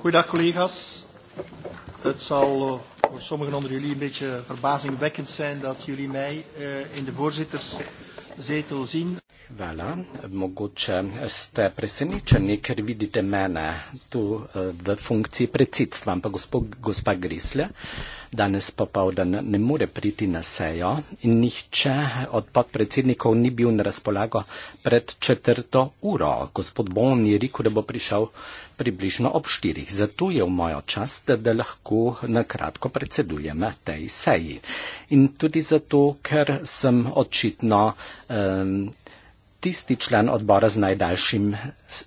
Goedendag collega's. Het zal eh, voor sommigen onder jullie een beetje verbazingwekkend zijn dat jullie mij eh, in de voorzitterszetel zien. Hvala. Mogoče ste presenečeni, ker vidite mene tu eh, v funkciji predsedstva, ampak gospa Grislja danes popovdan ne more priti na sejo in nihče od podpredsednikov ni bil na razpolago pred četrto uro. Gospod Bon je rekel, da bo prišel približno ob štirih. Zato je v mojo čast, da lahko nakratko predsedujem na tej seji. In tudi zato, ker sem očitno. Um, tisti član odbora z najdaljšim,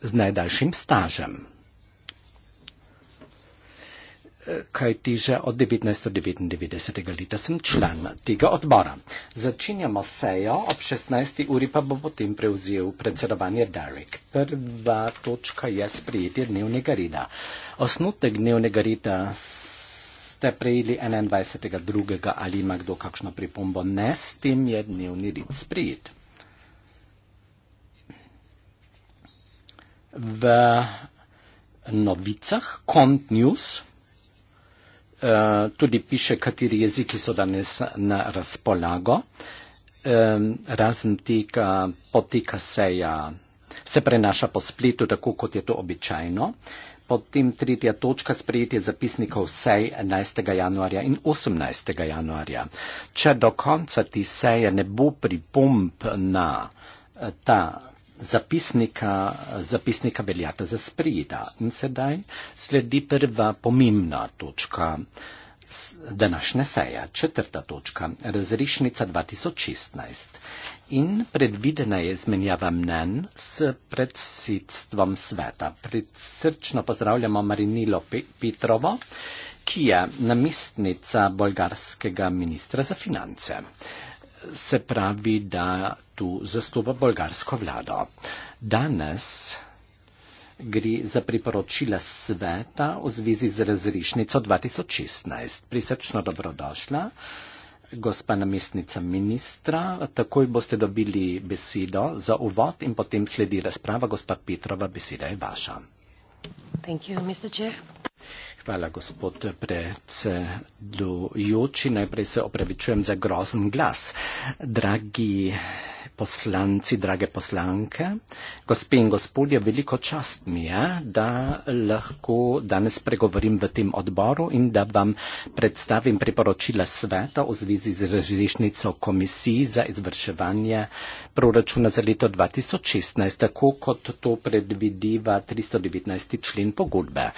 z najdaljšim stažem. Kaj ti že od 1999. leta sem član tega odbora. Začinjamo sejo ob 16. uri, pa bo potem prevzel predsedovanje Derek. Prva točka je sprijetje dnevnega reda. Osnutek dnevnega reda ste prejeli 21.2. ali ima kdo kakšno pripombo? Ne, s tem je dnevni red sprijet. v novicah, kont news, eh, tudi piše, kateri jeziki so danes na razpolago, razen tega poteka seja, se prenaša po spletu, tako kot je to običajno. Potem tretja točka sprejetje zapisnikov sej 11. januarja in 18. januarja. Če do konca ti seje ne bo pripomp na eh, ta zapisnika, zapisnika veljata za sprijeta. In sedaj sledi prva pomembna točka današnje seje, četrta točka, razrešnica 2016. In predvidena je izmenjava mnen s predsedstvom sveta. Predsrčno pozdravljamo Marinilo Petrovo, ki je namestnica bolgarskega ministra za finance. Se pravi, da tu zastopa bolgarsko vlado. Danes gre za priporočila sveta v zvezi z razrišnico 2016. Prisrčno dobrodošla, gospa namestnica ministra. Takoj boste dobili besedo za uvod in potem sledi razprava. Gospa Petrova, beseda je vaša. Hvala, gospod predsedujoči. Najprej se opravičujem za grozen glas. Dragi poslanci, drage poslanke, gospe in gospodje, veliko čast mi je, da lahko danes pregovorim v tem odboru in da vam predstavim priporočila sveta v zvezi z razrešnico komisiji za izvrševanje proračuna za leto 2016, tako kot to predvideva 319. člen pogodbe.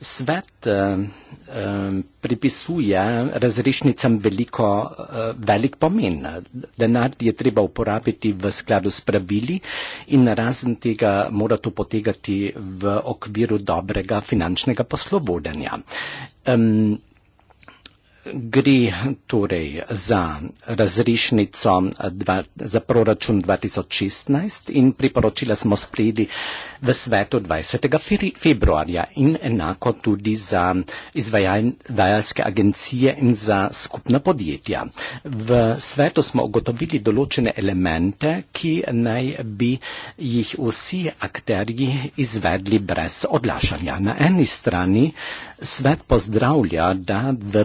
Svet eh, eh, pripisuje razrešnicam veliko, eh, velik pomen. Denar je treba uporabiti biti v skladu s pravili in razen tega mora to potegati v okviru dobrega finančnega poslovodanja. Um, Gre torej za razrešnico dva, za proračun 2016 in priporočila smo sprejeli v svetu 20. februarja in enako tudi za izvajalske agencije in za skupna podjetja. V svetu smo ugotovili določene elemente, ki naj bi jih vsi akterji izvedli brez odlašanja. Na eni strani Svet pozdravlja, da v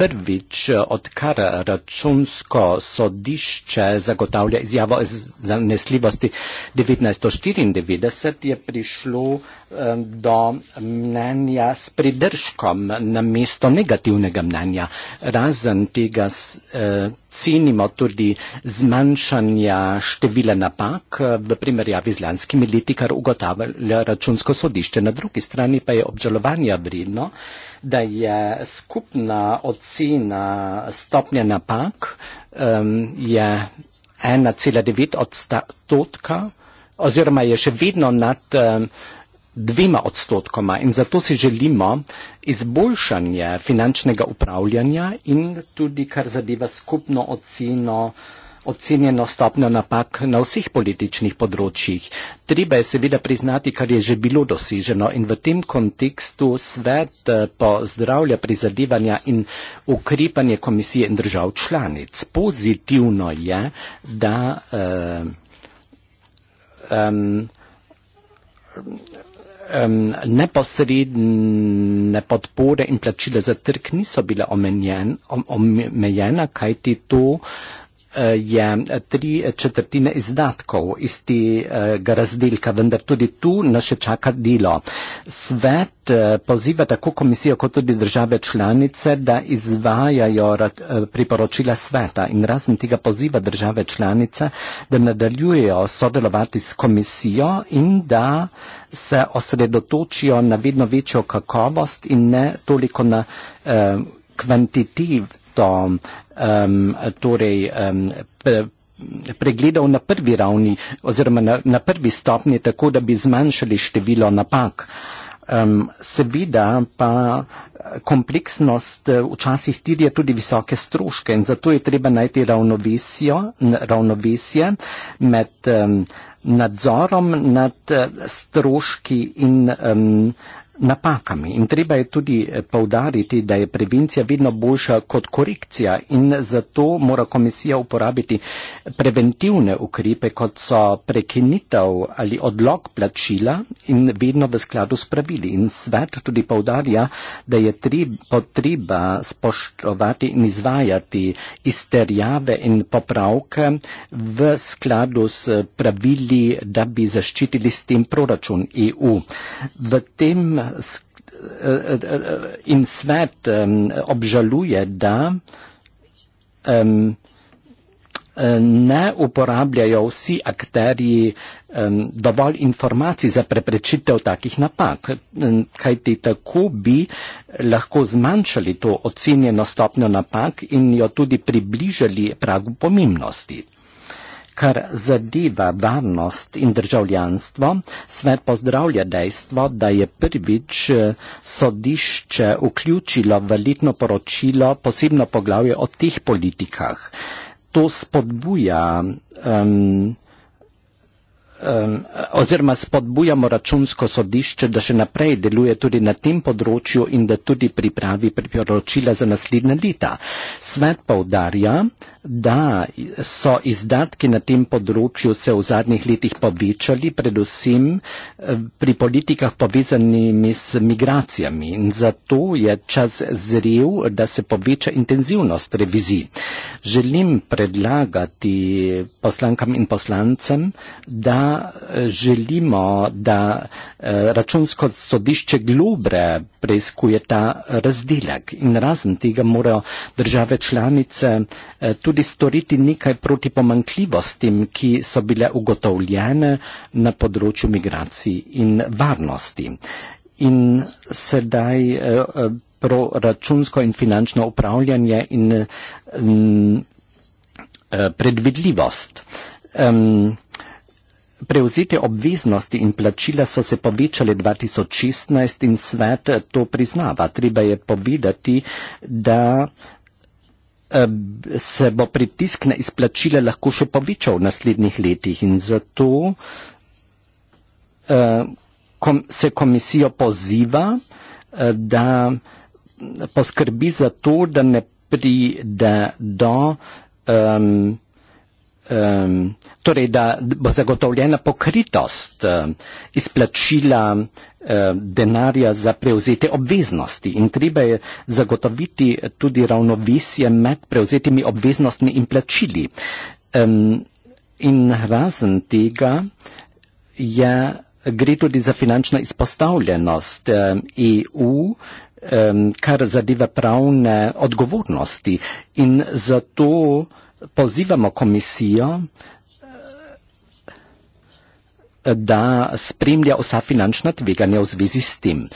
prvič eh, odkar računsko sodišče zagotavlja izjavo zanesljivosti 1994, je prišlo eh, do mnenja s pridržkom na mesto negativnega mnenja. Razen tega eh, cenimo tudi zmanjšanja števila napak eh, v primerjavi z lanskimi leti, kar ugotavlja računsko sodišče. Na drugi strani pa je obžalovanja vredno, da je skupna ocena stopnje napak um, je 1,9 odstotka oziroma je še vedno nad um, dvema odstotkoma in zato si želimo izboljšanje finančnega upravljanja in tudi kar zadeva skupno oceno, ocenjeno stopnjo napak na vseh političnih področjih. Treba je seveda priznati, kar je že bilo doseženo in v tem kontekstu svet eh, pozdravlja prizadevanja in ukrepanje komisije in držav članic. Pozitivno je, da. Um, um, neposredne podpore in plačila za trg niso bile omenjene, om, omejena, kajti to uh, je eh, tri četrtine izdatkov iz tega razdelka, vendar tudi tu nas še čaka delo. Svet eh, poziva tako komisijo kot tudi države članice, da izvajajo eh, priporočila sveta in razen tega poziva države članice, da nadaljujejo sodelovati s komisijo in da se osredotočijo na vedno večjo kakovost in ne toliko na eh, kvantitiv um, torej, um, pregledov na prvi ravni oziroma na, na prvi stopni, tako da bi zmanjšali število napak. Um, seveda pa eh, kompleksnost eh, včasih tirja tudi visoke stroške in zato je treba najti ravnovesje med um, nadzorom nad eh, stroški in um, napakami. In treba je tudi eh, povdariti, da je prevencija vedno boljša kot korekcija in zato mora komisija uporabiti preventivne ukrepe, kot so prekinitev ali odlog plačila in vedno v skladu s pravili. In svet tudi povdarja, da je potreba spoštovati in izvajati izterjave in popravke v skladu s pravili, da bi zaščitili s tem proračun EU. V tem E, e, e, in svet um, obžaluje, da um, ne uporabljajo vsi akterji um, dovolj informacij za preprečitev takih napak, kajti tako bi lahko zmanjšali to ocenjeno stopnjo napak in jo tudi približali pragu pomembnosti. Kar zadeva varnost in državljanstvo, svet pozdravlja dejstvo, da je prvič eh, sodišče vključilo v letno poročilo posebno poglavje o teh politikah. To spodbuja. Um, oziroma spodbujamo računsko sodišče, da še naprej deluje tudi na tem področju in da tudi pripravi priporočila za naslednja leta. Svet poudarja, da so izdatki na tem področju se v zadnjih letih povečali, predvsem eh, pri politikah povezanimi s migracijami. In zato je čas zrel, da se poveča intenzivnost revizij. Želim predlagati poslankam in poslancem, da eh, želimo, da eh, računsko sodišče globre preizkuje ta razdelek. In razen tega morajo države članice tudi tudi storiti nekaj proti pomankljivostim, ki so bile ugotovljene na področju migracij in varnosti. In sedaj eh, eh, proračunsko in finančno upravljanje in m, mm, eh, predvidljivost. Um, Preuzete obveznosti in plačila so se povečale 2016 in svet to priznava. Treba je povedati, da se bo pritisk na izplačila lahko še povečal v naslednjih letih in zato se komisijo poziva, eh, da poskrbi za to, da ne pride do um, um, torej da bo zagotovljena pokritost um, izplačila um, denarja za prevzete obveznosti in treba je zagotoviti tudi ravnovesje med prevzetimi obveznostmi in plačili. Um, in razen tega je, gre tudi za finančno izpostavljenost um, EU, um, kar zadeva pravne odgovornosti in zato pozivamo komisijo, da spremlja vsa finančna tveganja v zvezi s tem.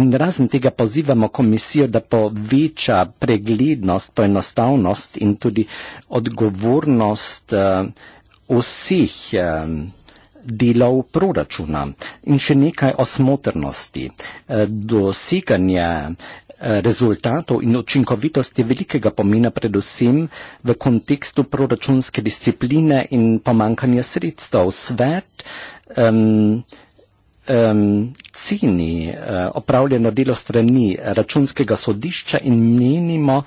In razen tega pozivamo komisijo, da poveča preglednost, poenostavnost in tudi odgovornost eh, vseh delov proračuna. In še nekaj o smotrnosti. Eh, doseganje Eh, rezultatov in učinkovitosti velikega pomena predvsem v kontekstu proračunske discipline in pomankanja sredstev. Svet um, um, ceni uh, opravljeno delo strani računskega sodišča in menimo,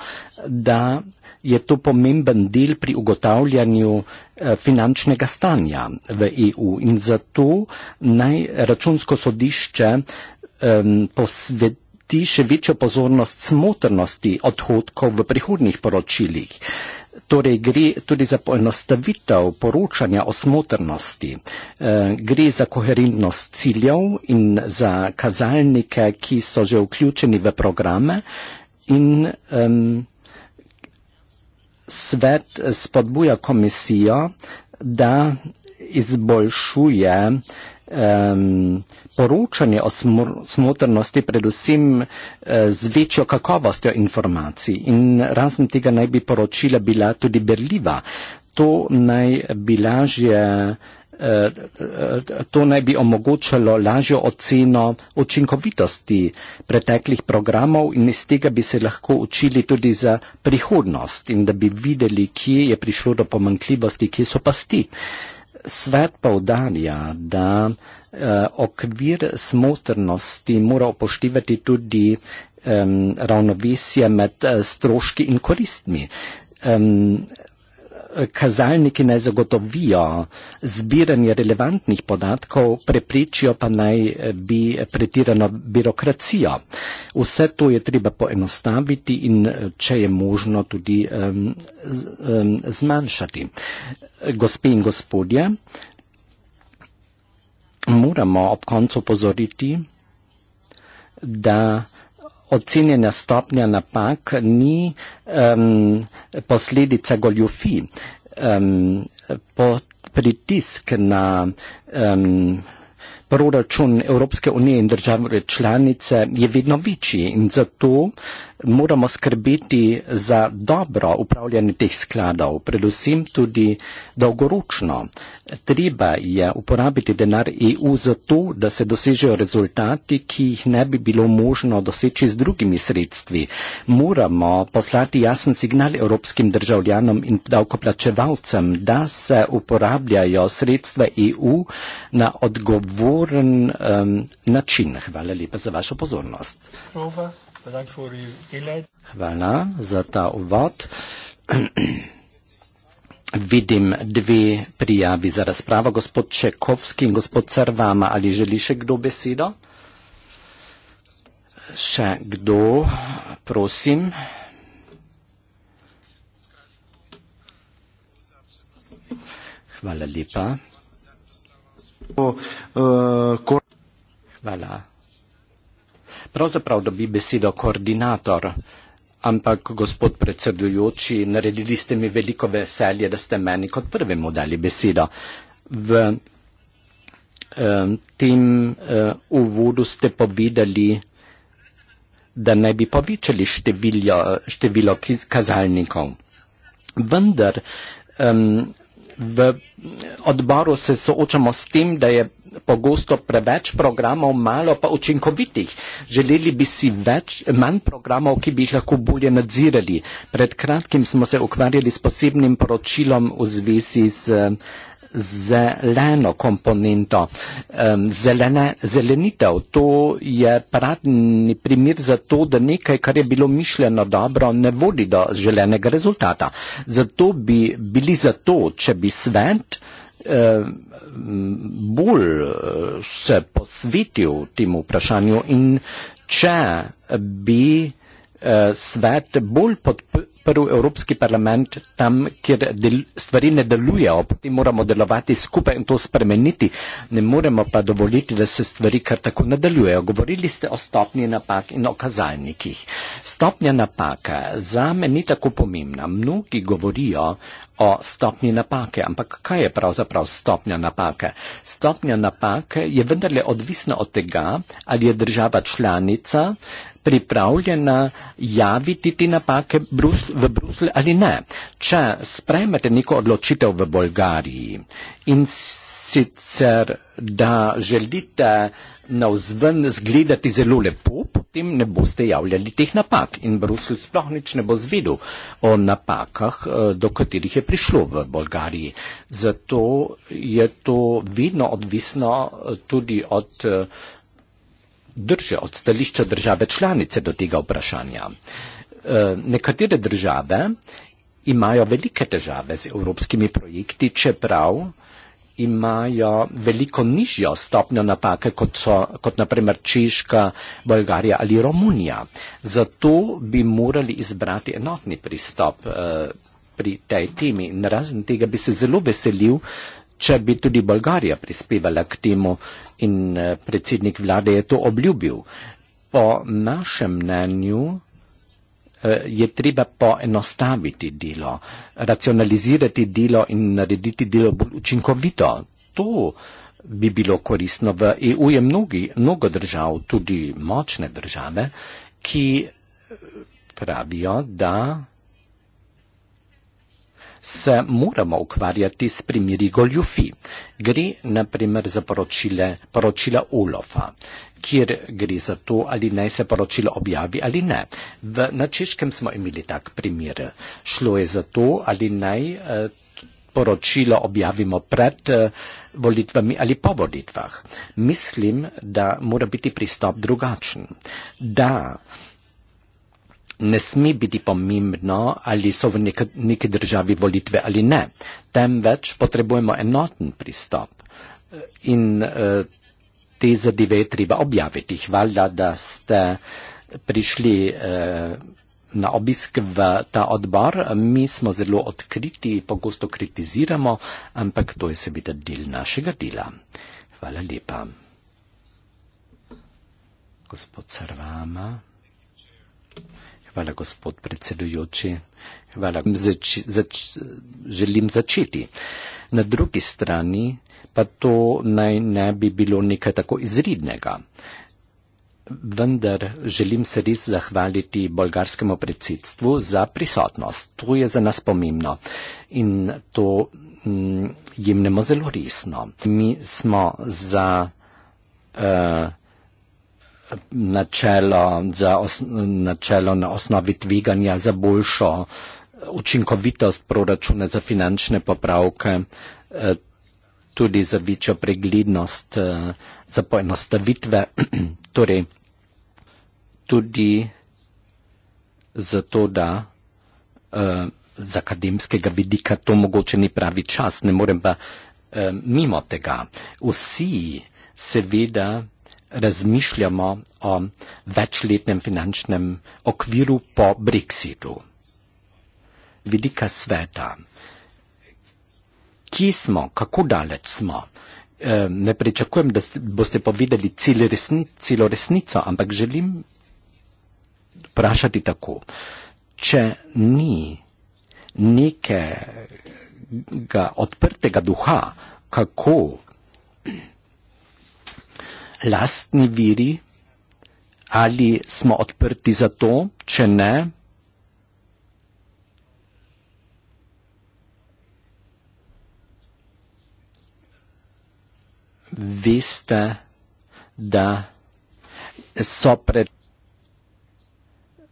da je to pomemben del pri ugotavljanju eh, finančnega stanja v EU. In zato naj računsko sodišče um, posvet, posveti še večjo pozornost smotrnosti odhodkov v prihodnih poročilih. Torej gre tudi za poenostavitev poročanja o smotrnosti, eh, gre za koherentnost ciljev in za kazalnike, ki so že vključeni v programe in um, svet spodbuja komisijo, da izboljšuje uh, um, poročanje o smr smotrnosti predvsem uh, z večjo kakovostjo informacij in razen tega naj bi poročila bila tudi berljiva. To naj bi lažje eh, eh, to naj bi omogočalo lažjo oceno učinkovitosti preteklih programov in iz tega bi se lahko učili tudi za prihodnost in da bi videli, kje je prišlo do pomankljivosti, kje so pasti. Uh, svet povdarja, da eh, okvir smotrnosti mora upoštevati tudi eh, ravnovesje med eh, stroški in koristmi. Eh, kazalniki naj zagotovijo zbiranje relevantnih podatkov, preprečijo pa naj eh, bi pretirano birokracijo. Vse to je treba poenostaviti in eh, če je možno tudi um, z, um, zmanjšati. Gospe in gospodje, moramo ob koncu pozoriti, da ocenjena stopnja napak ni um, posledica goljufi. Um, pritisk na um, proračun Evropske unije in države članice je vedno večji in zato moramo skrbeti za dobro upravljanje teh skladov, predvsem tudi dolgoročno. Treba je uporabiti denar EU za to, da se dosežejo rezultati, ki jih ne bi bilo možno doseči z drugimi sredstvi. Moramo poslati jasen signal evropskim državljanom in davkoplačevalcem, da se uporabljajo sredstva EU na odgovoren um, način. Hvala lepa za vašo pozornost. Over. Bedankt voor uw inleiding. Voilà, za ta uvod. Vidim dve prijavi za razpravo. Gospod Čekovski in gospod Cervama, ali želi še kdo besedo? Še kdo, prosim. Hvala lepa. Eh, Hvala pravzaprav dobi besedo koordinator. Ampak, gospod predsedujoči, naredili ste mi veliko veselje, da ste meni kot prvemu dali besedo. V eh, tem eh, uvodu ste povedali, da naj bi povečali število kazalnikov. Vendar, eh, v odboru se soočamo s tem, da je pogosto preveč programov, malo pa učinkovitih. Želeli bi si več, manj programov, ki bi jih lahko bolje nadzirali. Pred kratkim smo se ukvarjali s posebnim poročilom v zvezi z uh, zeleno komponento. Um, zelene, zelenitev, to je paradni primer za to, da nekaj, kar je bilo mišljeno dobro, ne vodi do želenega rezultata. Zato bi bili za to, če bi svet bolj se posvetil temu vprašanju in če bi eh, svet bolj podprl Evropski parlament tam, kjer del, stvari ne delujejo, potem moramo delovati skupaj in to spremeniti. Ne moremo pa dovoliti, da se stvari kar tako nadaljujejo. Govorili ste o stopnji napak in o kazalnikih. Stopnja napaka za me ni tako pomembna. Mnogi govorijo o stopnji napake, ampak kaj je pravzaprav stopnja napake? Stopnja napake je vendarle odvisna od tega, ali je država članica, pripravljena javiti ti napake Brusl, v Bruslju ali ne. Če sprejmete neko odločitev v Bolgariji in sicer, da želite na vzven zgledati zelo lepo, potem ne boste javljali teh napak in Bruselj sploh nič ne bo zvedel o napakah, eh, do katerih je prišlo v Bolgariji. Zato je to vedno odvisno eh, tudi od eh, drže od stališča države članice do tega vprašanja. E, nekatere države imajo velike težave z evropskimi projekti, čeprav imajo veliko nižjo stopnjo napake kot, so, kot naprimer Češka, Bolgarija ali Romunija. Zato bi morali izbrati enotni pristop eh, pri tej temi in razen tega bi se zelo veselil eh, če bi tudi Bolgarija prispevala k temu in eh, predsednik vlade je to obljubil. Po našem mnenju eh, je treba poenostaviti delo, racionalizirati delo in narediti delo bolj učinkovito. To bi bilo korisno. V EU je mnogi, mnogo držav, tudi močne države, ki eh, pravijo, da se moramo ukvarjati s primiri goljufi. Gre naprimer za poročile, poročila Olofa, kjer gre za to, ali naj se poročilo objavi ali ne. V, na češkem smo imeli tak primer. Šlo je za to, ali naj eh, poročilo objavimo pred eh, volitvami ali po volitvah. Mislim, da mora biti pristop drugačen. Da, ne sme biti pomembno, ali so v neki, neki državi volitve ali ne. Temveč potrebujemo enoten pristop in uh, te zadeve je treba objaviti. Hvala, da ste eh, prišli uh, na obisk v ta odbor. Mi smo zelo odkriti, pogosto kritiziramo, ampak to je seveda del našega dela. Hvala lepa. Gospod Sarvama. Hvala, gospod predsedujoči. Hvala. Zač, zač, želim začeti. Na drugi strani pa to naj ne bi bilo nekaj tako izrednega. Vendar želim se res zahvaliti bolgarskemu predsedstvu za prisotnost. To je za nas pomembno in to mm, jemnemo zelo resno. Mi smo za. Uh, načelo, za os, načelo na osnovi tveganja za boljšo eh, učinkovitost proračuna za finančne popravke, eh, tudi za večjo preglednost, eh, za poenostavitve, torej tudi zato, da z akademskega vidika to mogoče ni pravi čas, ne morem pa mimo tega. Vsi seveda razmišljamo o večletnem finančnem okviru po Brexitu. Vidika sveta. Kje smo, kako daleč smo? Ne pričakujem, da boste povedali celo resni, resnico, ampak želim vprašati tako. Če ni nekega odprtega duha, kako lastni viri, ali smo odprti za to, če ne, veste, da so pred.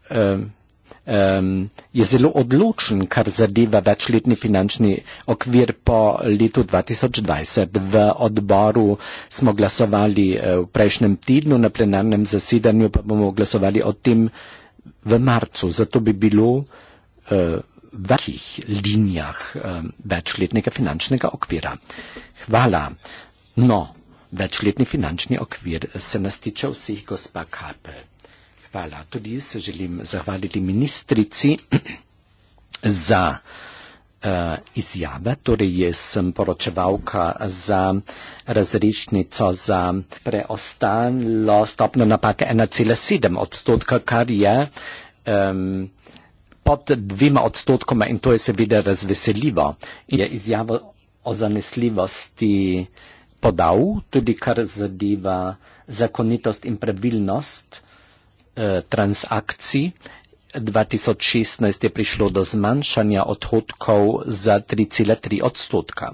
Um, um, je zelo odločen, kar zadeva večletni finančni okvir po letu 2020. V odboru smo glasovali eh, v prejšnjem tednu na plenarnem zasedanju, pa bomo glasovali o tem v marcu. Zato bi bilo. Uh, v velikih linijah ehm, večletnega finančnega okvira. Hvala. No, večletni finančni okvir se nas tiče vseh, gospa Karpel hvala. Tudi jaz se želim zahvaliti ministrici za uh, izjave. Torej, jaz sem poročevalka za razrešnico za preostalo stopno napake 1,7 odstotka, kar je um, pod dvima odstotkoma in to je seveda razveseljivo. In je izjavo o zanesljivosti podal, tudi kar zadeva zakonitost in pravilnost. Eh, transakcij. 2016 je prišlo do zmanjšanja odhodkov za 3,3 odstotka.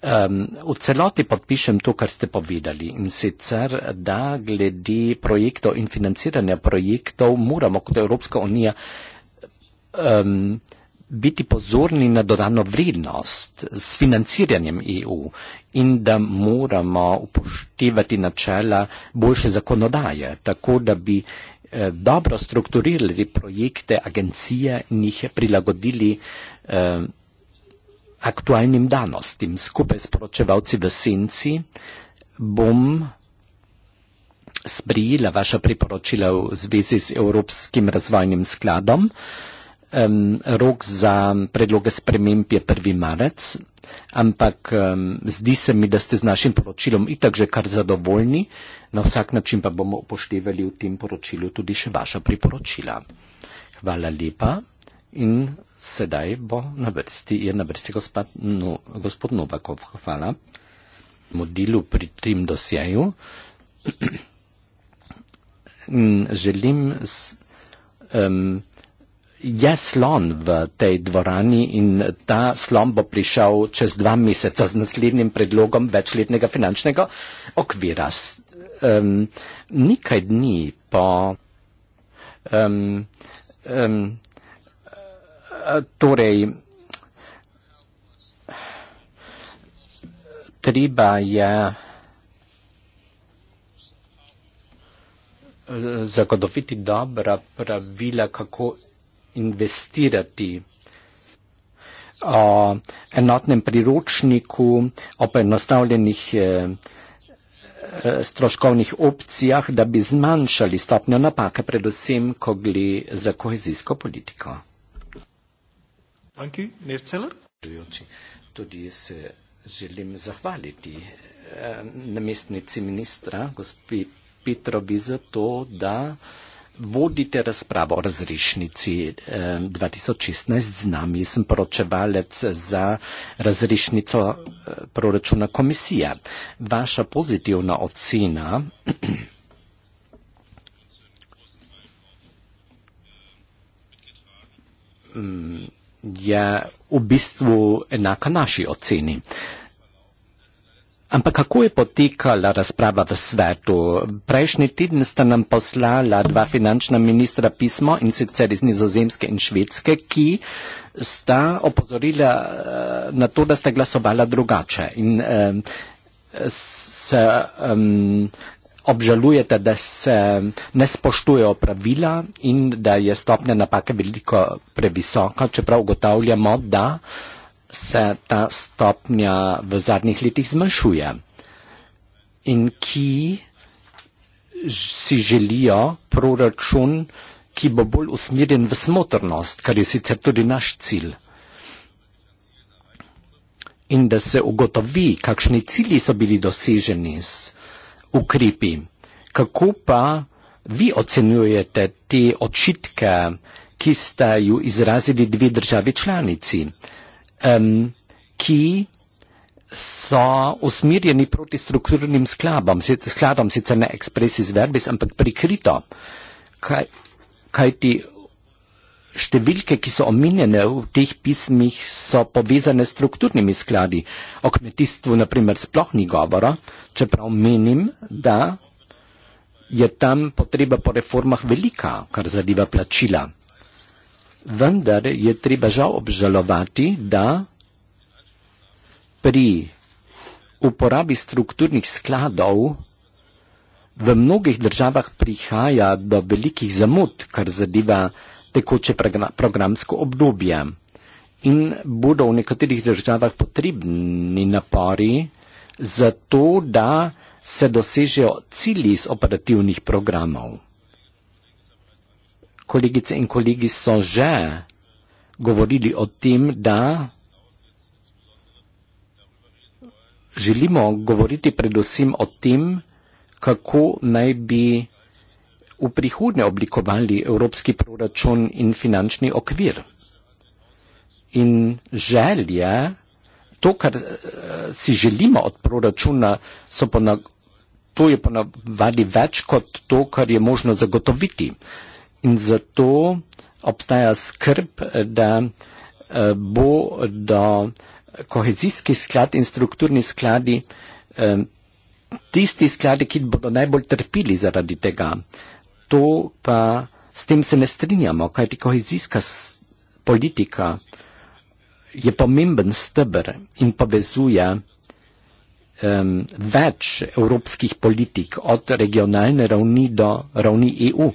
Um, v celoti podpišem to, kar ste povedali in sicer, da glede projektov in financiranja projektov moramo kot Evropska unija um, biti pozorni na dodano vrednost s financiranjem EU in da moramo upoštevati načela boljše zakonodaje, tako da bi uh, Eh, dobro strukturirali projekte agencije in jih prilagodili eh, aktualnim danostim. Skupaj s poročevalci v senci bom sprijela vaša priporočila v zvezi z Evropskim razvojnim skladom. Eh, um, rok za predloge sprememb je 1. marec, ampak um, zdi se mi, da ste z našim poročilom itak že kar zadovoljni, na vsak način pa bomo upoštevali v tem poročilu tudi še vaša priporočila. Hvala lepa in sedaj bo na vrsti, je na vrsti gospod, no, gospod Novakov. Hvala. Modilu pri tem dosjeju. želim s, um, Je slon v tej dvorani in ta slon bo prišel čez dva meseca z naslednjim predlogom večletnega finančnega okvira. Um, nekaj dni po um, um, torej, treba je eh, zagotoviti dobra pravila, kako investirati. O enotnem priročniku, o poenostavljenih eh, eh, stroškovnih opcijah, da bi zmanjšali stopnjo napake, predvsem, ko gli za kohezijsko politiko. Tudi se želim zahvaliti eh, namestnici ministra, gospi Petrovi, za to, da vodite razpravo o razrešnici eh, 2016 z nami. Sem poročevalec za razrešnico eh, proračuna komisija. Vaša pozitivna ocena mm, je v bistvu enaka naši oceni. Eh, Ampak kako je potekala razprava v svetu? Prejšnji teden sta nam poslala dva finančna ministra pismo in sicer iz Nizozemske in Švedske, ki sta opozorila eh, na to, da sta glasovala drugače in eh, se um, obžalujete, da se ne spoštujejo pravila in da je stopnja napake veliko previsoka, čeprav ugotavljamo, da eh, se ta stopnja v zadnjih letih zmanjšuje in ki si želijo proračun, ki bo bolj usmerjen v smotrnost, kar je sicer tudi naš cilj. In da se ugotovi, kakšni cilji so bili doseženi s ukrepi. Kako pa vi ocenjujete te očitke, ki ste ju izrazili dve državi članici? um, ki so usmerjeni proti strukturnim skladom, skladom sicer ne ekspresis verbis, ampak prikrito, kaj, kaj ti številke, ki so omenjene v teh pismih, so povezane s strukturnimi skladi. O kmetijstvu, na primer, sploh ni govora, čeprav menim, da je tam potreba po reformah velika, kar zadeva plačila vendar je treba žal obžalovati, da pri uporabi strukturnih skladov v mnogih državah prihaja do velikih zamud, kar zadeva tekoče programsko obdobje. In bodo v nekaterih državah potrebni napori za to, da se dosežejo cilji iz operativnih programov kolegice in kolegi so že govorili o tem, da želimo govoriti predvsem o tem, kako naj bi v prihodnje oblikovali evropski proračun in finančni okvir. In želje, to, kar eh, si želimo od proračuna, so ponav, to je ponavadi več kot to, kar je možno zagotoviti in zato obstaja skrb, da eh, bo do kohezijski sklad in strukturni skladi eh, tisti skladi, ki bodo najbolj trpili zaradi tega. To pa s tem se ne strinjamo, kajti kohezijska politika je pomemben stebr in povezuje um, več evropskih politik od regionalne ravni do ravni EU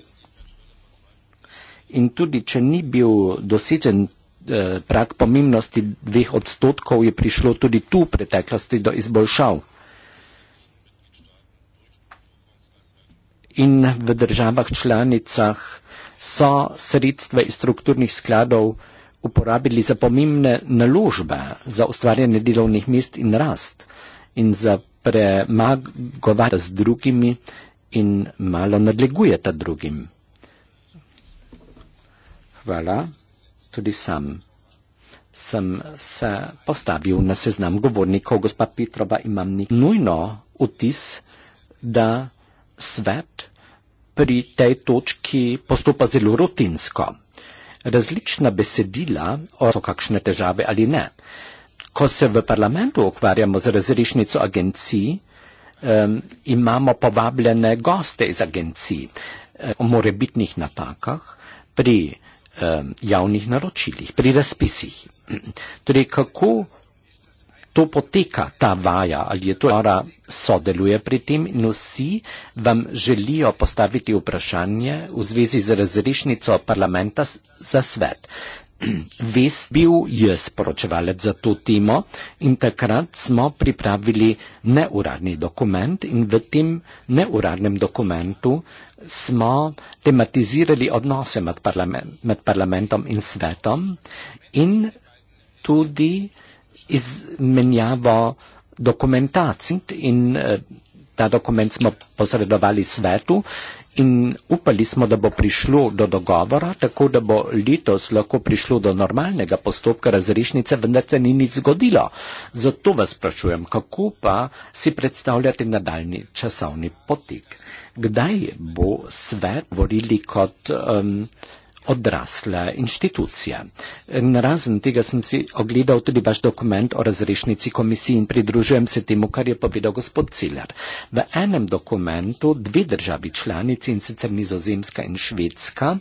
in tudi, če ni bil dosečen eh, prak pomembnosti dveh odstotkov, je prišlo tudi tu v preteklosti do izboljšav. In v državah članicah so sredstva iz strukturnih skladov uporabili za pomembne naložbe, za ustvarjanje delovnih mest in rast in za premagovanje z drugimi in malo nadlegujeta drugim. Rockwella, tudi sam sem se postavil na seznam govornikov, gospa Petrova, imam nujno vtis, da svet pri tej točki postopa zelo rutinsko. Različna besedila, o so kakšne težave ali ne. Ko se v parlamentu ukvarjamo z razrešnico agencij, um, imamo povabljene goste iz agencij o morebitnih napakah pri javnih naročilih, pri razpisih. Torej, kako to poteka, ta vaja, ali je to ora sodeluje pri tem in vsi vam želijo postaviti vprašanje v zvezi z razrešnico parlamenta za svet. Ves bil je sporočevalec za to temo in takrat smo pripravili neuradni dokument in v tem neuradnem dokumentu smo tematizirali odnose med, parlament, med parlamentom in svetom in tudi izmenjavo dokumentacij in eh, ta dokument smo posredovali svetu in upali smo, da bo prišlo do dogovora, tako da bo letos lahko prišlo do normalnega postopka razrešnice, vendar se ni nič zgodilo. Zato vas sprašujem, kako pa si predstavljate nadaljni časovni potek? Kdaj bo svet govorili kot. Um, odrasla inštitucija. In razen tega sem si ogledal tudi vaš dokument o razrešnici komisiji in pridružujem se temu, kar je povedal gospod Ciljar. V enem dokumentu dve državi članici in sicer Nizozemska in Švedska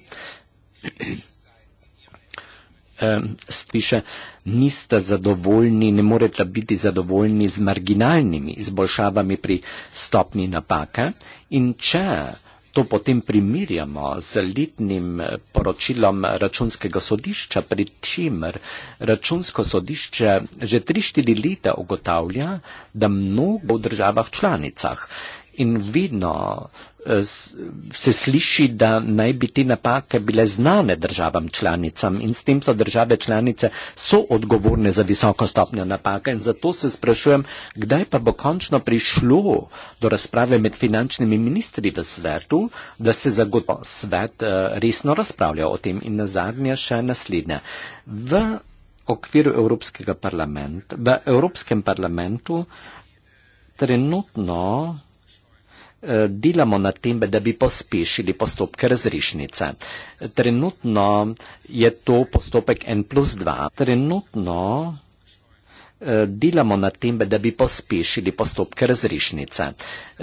spiše, eh, niste zadovoljni, ne morete biti zadovoljni z marginalnimi izboljšavami pri stopni napake in če to potem primerjamo z letnim poročilom računskega sodišča, pri čemer računsko sodišče že 3-4 leta ugotavlja, da mnogo v državah članicah in vidno eh, se sliši, da naj bi te napake bile znane državam članicam in s tem so države članice so odgovorne za visoko stopnjo napake in zato se sprašujem, kdaj pa bo končno prišlo do razprave med finančnimi ministri v svetu, da se zagotovo svet eh, resno razpravlja o tem in nazadnje še naslednje. V okviru Evropskega parlamenta, v Evropskem parlamentu trenutno delamo na tem, da bi pospešili postopke razrešnice. Trenutno je to postopek N plus 2. Trenutno eh, delamo na tem, da bi pospešili postopke razrešnice.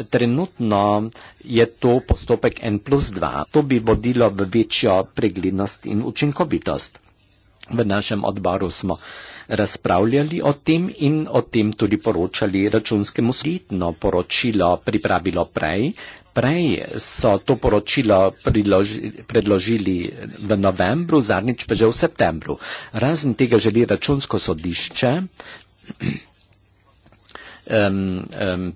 Trenutno je to postopek N plus 2. To bi vodilo v večjo preglednost in učinkovitost. V našem odboru smo razpravljali o tem in o tem tudi poročali računskemu slitno poročilo pripravilo prej. Prej so to poročilo priloži, predložili v novembru, zadnjič pa že v septembru. Razen tega želi računsko sodišče um, um,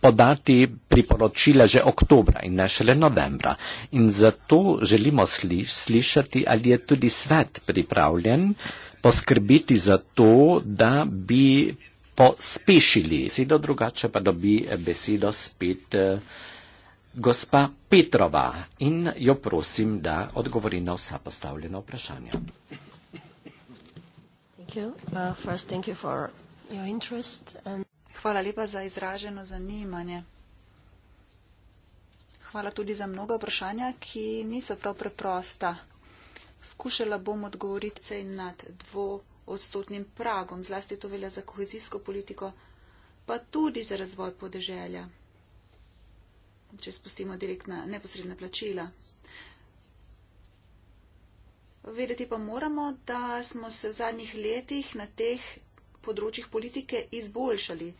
podati priporočila že oktobra in ne šele novembra. In zato želimo sliš, slišati, ali je tudi svet pripravljen uh, poskrbiti za to, da bi pospešili besedo, drugače pa dobi eh, besedo spet eh, gospa Petrova in jo prosim, da odgovori na vsa postavljena vprašanja. Uh, Hvala lepa za izraženo zanimanje. Hvala tudi za mnoga vprašanja, ki niso prav preprosta. Skušala bom odgovoriti cej nad dvoodstotnim pragom, zlasti to velja za kohezijsko politiko, pa tudi za razvoj podeželja, če spustimo direktna neposredna plačila. Vedeti pa moramo, da smo se v zadnjih letih na teh področjih politike izboljšali.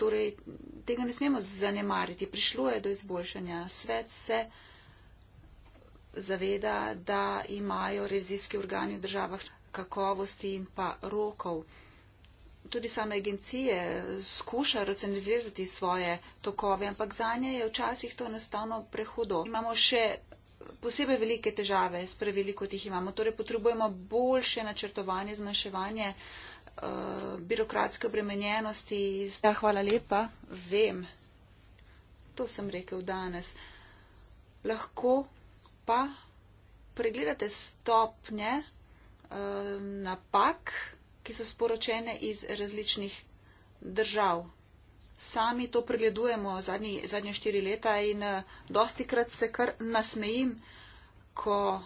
Torej, tega ne smemo zanemariti. Prišlo je do izboljšanja. Svet se je zaveda, da imajo revizijski organi v državah kakovosti in pa rokov. Tudi same agencije skušajo racionalizirati svoje tokove, ampak za nje je včasih to enostavno prehudo. Imamo še posebej velike težave s pravili, kot jih imamo. Torej potrebujemo boljše načrtovanje, zmanjševanje uh, birokratske obremenjenosti. Ja, hvala lepa. Vem. To sem rekel danes. Lahko pa pregledate stopnje eh, napak, ki so sporočene iz različnih držav. Sami to pregledujemo zadnji, zadnje štiri leta in eh, dosti krat se kar nasmejim, ko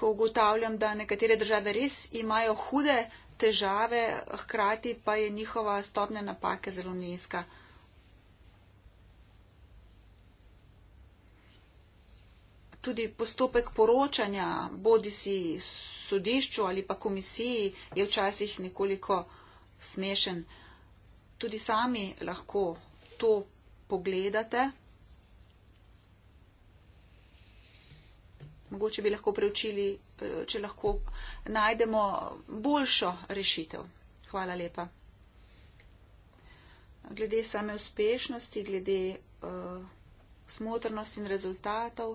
ko ugotavljam, da nekatere države res imajo hude težave, hkrati pa je njihova stopnja napake zelo nizka. Tudi postopek poročanja, bodi si sodišču ali pa komisiji, je včasih nekoliko smešen. Tudi sami lahko to pogledate. mogoče bi lahko preučili, eh, če lahko najdemo boljšo rešitev. Hvala lepa. Glede same uspešnosti, glede uh, smotrnosti in rezultatov,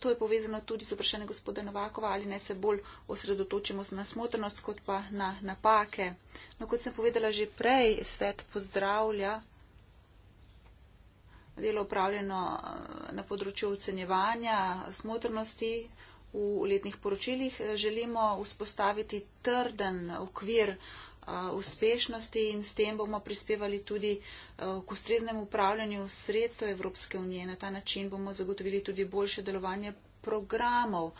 to je povezano tudi z vprašanjem gospoda Novakova, ali ne se bolj osredotočimo na smotrnost, kot pa na napake. No, kot sem povedala že prej, svet pozdravlja delo upravljeno eh, na področju ocenjevanja smotrnosti. V letnih poročilih želimo vzpostaviti trden okvir eh, uspešnosti in s tem bomo prispevali tudi eh, k ustreznemu upravljanju sredstev Evropske unije. Na ta način bomo zagotovili tudi boljše delovanje programov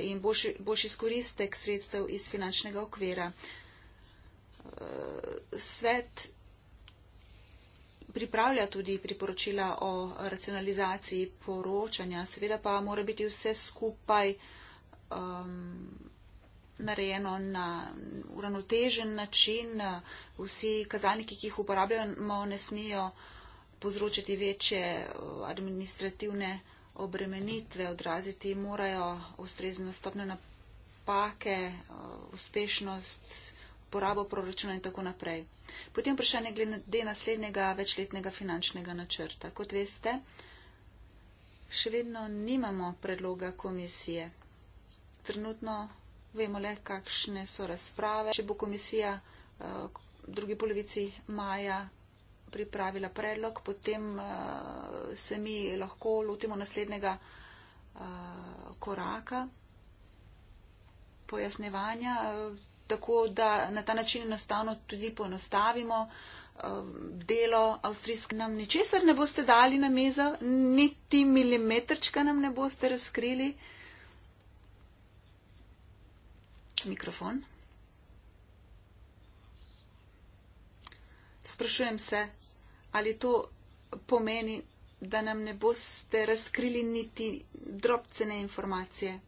in boljši izkoristek sredstev iz finančnega okvira. Svet pripravlja tudi priporočila o racionalizaciji poročanja. Seveda pa mora biti vse skupaj um, narejeno na uravnotežen način. Vsi kazalniki, ki jih uporabljamo, ne smijo povzročiti večje uh, administrativne obremenitve, odraziti morajo ustrezno stopnjo napake, uh, uspešnost porabo proračuna in tako naprej. Potem vprašanje glede naslednjega večletnega finančnega načrta. Kot veste, še vedno nimamo predloga komisije. Trenutno vemo le, kakšne so razprave. Če bo komisija v eh, drugi polovici maja pripravila predlog, potem eh, se mi lahko lotimo naslednjega eh, koraka pojasnevanja tako da na ta način enostavno tudi poenostavimo um, delo avstrijske. Nam ničesar ne boste dali na mizo, niti milimetrčka nam ne boste razkrili. Mikrofon. Sprašujem se, ali to pomeni, da nam ne boste razkrili niti drobcene informacije.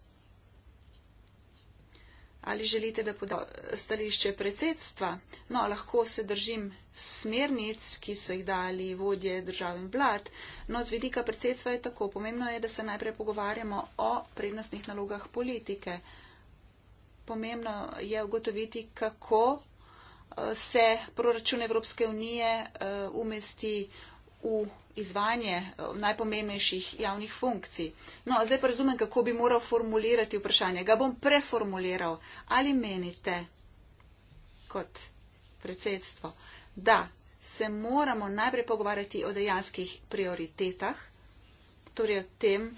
Ali želite, da podam stališče predsedstva? No, lahko se držim smernic, ki so jih dali vodje držav in vlad. No, z vidika predsedstva je tako. Pomembno je, da se najprej pogovarjamo o prednostnih nalogah politike. Pomembno je ugotoviti, kako eh, se proračun Evropske unije eh, umesti. Uh, v izvanje eh, najpomembnejših javnih funkcij. No, zdaj pa razumem, kako bi moral formulirati vprašanje. Ga bom preformuliral. Ali menite kot predsedstvo, da se moramo najprej pogovarjati o dejanskih prioritetah, torej o tem,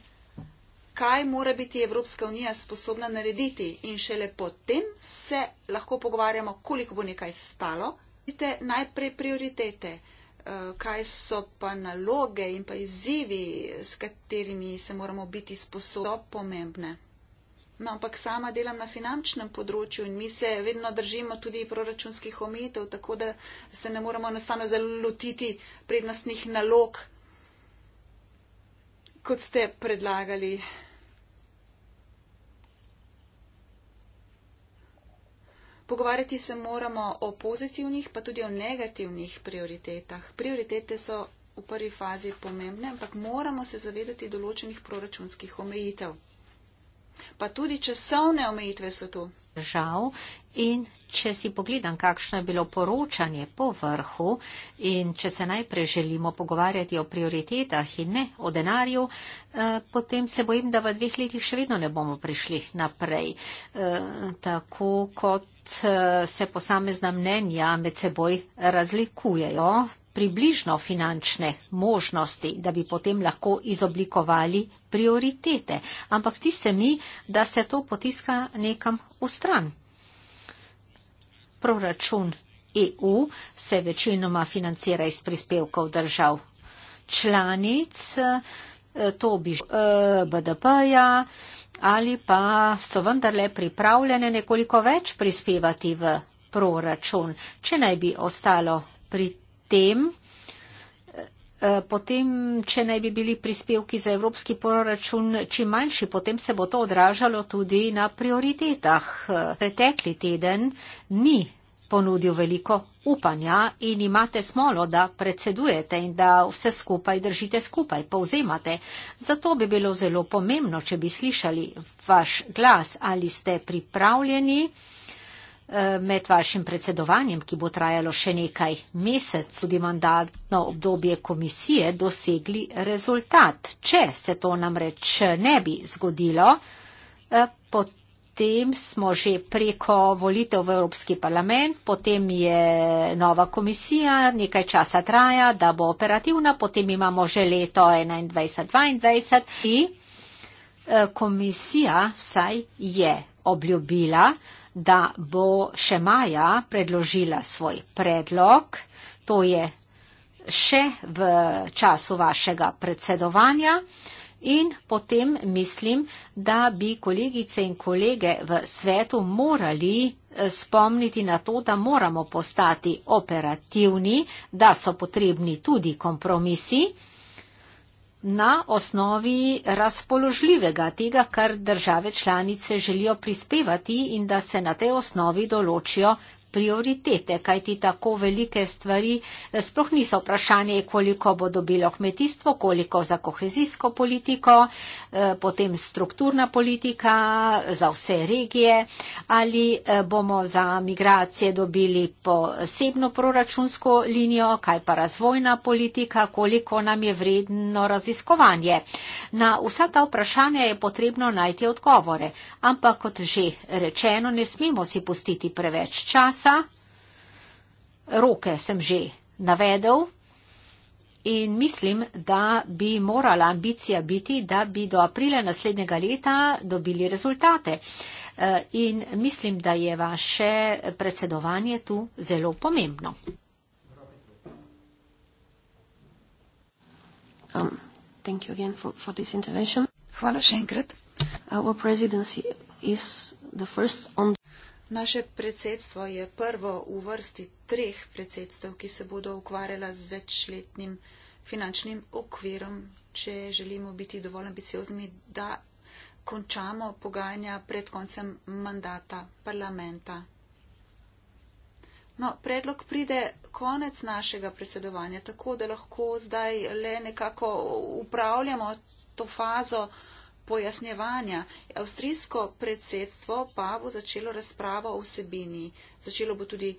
kaj mora biti Evropska unija sposobna narediti in šele potem se lahko pogovarjamo, koliko bo nekaj stalo. Najprej prioritete. Eh, kaj so pa naloge in pa izzivi, s katerimi se moramo biti sposobni, pomembne. No, ampak sama delam na finančnem področju in mi se vedno držimo tudi proračunskih omejitev, tako da se ne moramo enostavno zalotiti prednostnih nalog, kot ste predlagali. Pogovarjati se moramo o pozitivnih, pa tudi o negativnih prioritetah. Prioritete so v prvi fazi pomembne, ampak moramo se zavedati določenih proračunskih omejitev. Pa tudi časovne omejitve so tu držav in če si pogledam, kakšno je bilo poročanje po vrhu in če se najprej želimo pogovarjati o prioritetah in ne o denarju, eh, potem se bojim, da v dveh letih še vedno ne bomo prišli naprej. Eh, tako kot eh, se posamezna mnenja med seboj razlikujejo, približno finančne možnosti, da bi potem lahko izoblikovali prioritete. Ampak zdi se mi, da se to potiska nekam v stran. Proračun EU se večinoma financira iz prispevkov držav članic, eh, to bi eh, BDP-ja ali pa so vendarle pripravljene nekoliko več prispevati v proračun, če naj bi ostalo pri potem, eh, eh, potem, če naj bi bili prispevki za evropski proračun čim manjši, potem se bo to odražalo tudi na prioritetah. Eh, pretekli teden ni ponudil veliko upanja in imate smolo, da predsedujete in da vse skupaj držite skupaj, povzemate. Zato bi bilo zelo pomembno, če bi slišali vaš glas, ali ste pripravljeni med vašim predsedovanjem, ki bo trajalo še nekaj mesec, tudi mandatno obdobje komisije, dosegli rezultat. Če se to namreč ne bi zgodilo, eh, potem smo že preko volitev v Evropski parlament, potem je nova komisija, nekaj časa traja, da bo operativna, potem imamo že leto 2021-2022 in eh, komisija vsaj je obljubila, da bo še maja predložila svoj predlog, to je še v času vašega predsedovanja. In potem mislim, da bi kolegice in kolege v svetu morali eh, spomniti na to, da moramo postati operativni, da so potrebni tudi kompromisi na osnovi razpoložljivega tega, kar države članice želijo prispevati in da se na tej osnovi določijo prioritete, kajti tako velike stvari eh, sploh niso vprašanje, koliko bo dobilo kmetijstvo, koliko za kohezijsko politiko, eh, potem strukturna politika eh, za vse regije, ali bomo za migracije dobili posebno proračunsko linijo, kaj pa razvojna politika, koliko nam je vredno raziskovanje. Na vsa ta vprašanja je potrebno najti odgovore, ampak kot že rečeno, ne smemo si pustiti preveč časa, časa, roke sem že navedel in mislim, da bi morala ambicija biti, da bi do aprila naslednjega leta dobili rezultate. Eh, in mislim, da je vaše predsedovanje tu zelo pomembno. Um, thank you again for, for this intervention. Hvala še enkrat. Our presidency is the first on Naše predsedstvo je prvo v vrsti treh predsedstv, ki se bodo ukvarjala z večletnim finančnim okvirom, če želimo biti dovolj ambiciozni, da končamo pogajanja pred koncem mandata parlamenta. No, predlog pride konec našega predsedovanja, tako da lahko zdaj le nekako upravljamo to fazo, pojasnjevanja. Avstrijsko predsedstvo pa bo začelo razpravo o vsebini, začelo bo tudi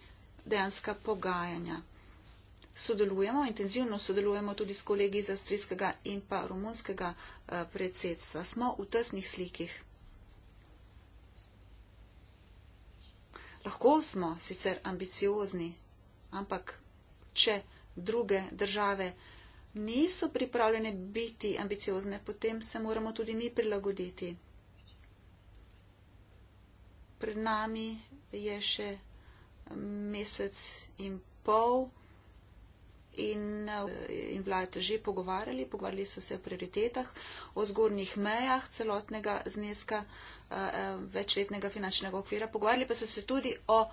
dejanska pogajanja. Sodelujemo, intenzivno sodelujemo tudi s kolegi iz avstrijskega in pa romunskega eh, predsedstva. Smo v tesnih slikih. Lahko smo sicer ambiciozni, ampak če druge države niso pripravljene biti ambiciozne, potem se moramo tudi mi prilagoditi. Pred nami je še mesec in pol in, eh, in vlajate že pogovarjali, pogovarjali so se o prioritetah, o zgornjih mejah celotnega zneska eh, eh, večletnega finančnega okvira, pogovarjali pa so se tudi o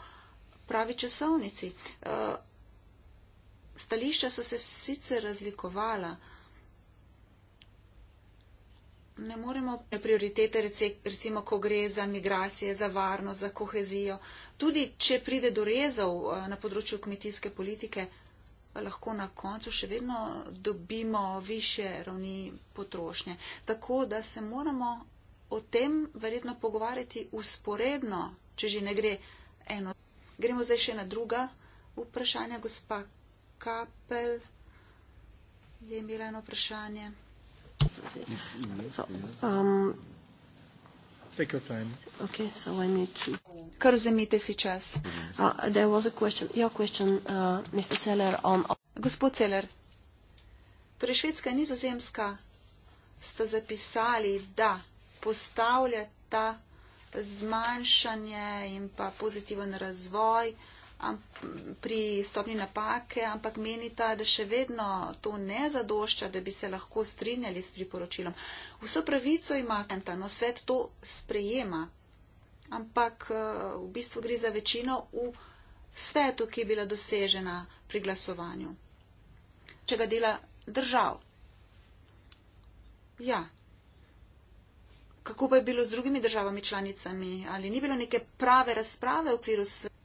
pravi časovnici, Stališča so se sicer razlikovala. Ne moremo prioritete, recimo, ko gre za migracije, za varnost, za kohezijo. Tudi, če pride do rezov eh, na področju kmetijske politike, lahko na koncu še vedno dobimo više ravni potrošnje. Tako da se moramo o tem verjetno pogovarjati usporedno, če že ne gre eno. Gremo zdaj še na druga vprašanja, gospa kapelj, je imela eno vprašanje. Um, Kar vzemite si čas. Uh, uh, Gospod Celer, torej Švedska in Nizozemska sta zapisali, da postavljata zmanjšanje in pa pozitiven razvoj uh, pri stopni napake, ampak menita, da še vedno to ne zadošča, da bi se lahko strinjali s priporočilom. Vso pravico ima ta, no svet to sprejema, ampak eh, v bistvu gre za večino v svetu, ki je bila dosežena pri glasovanju. Če ga dela držav. Ja. Kako pa je bilo z drugimi državami članicami? Ali ni bilo neke prave razprave v okviru svetu?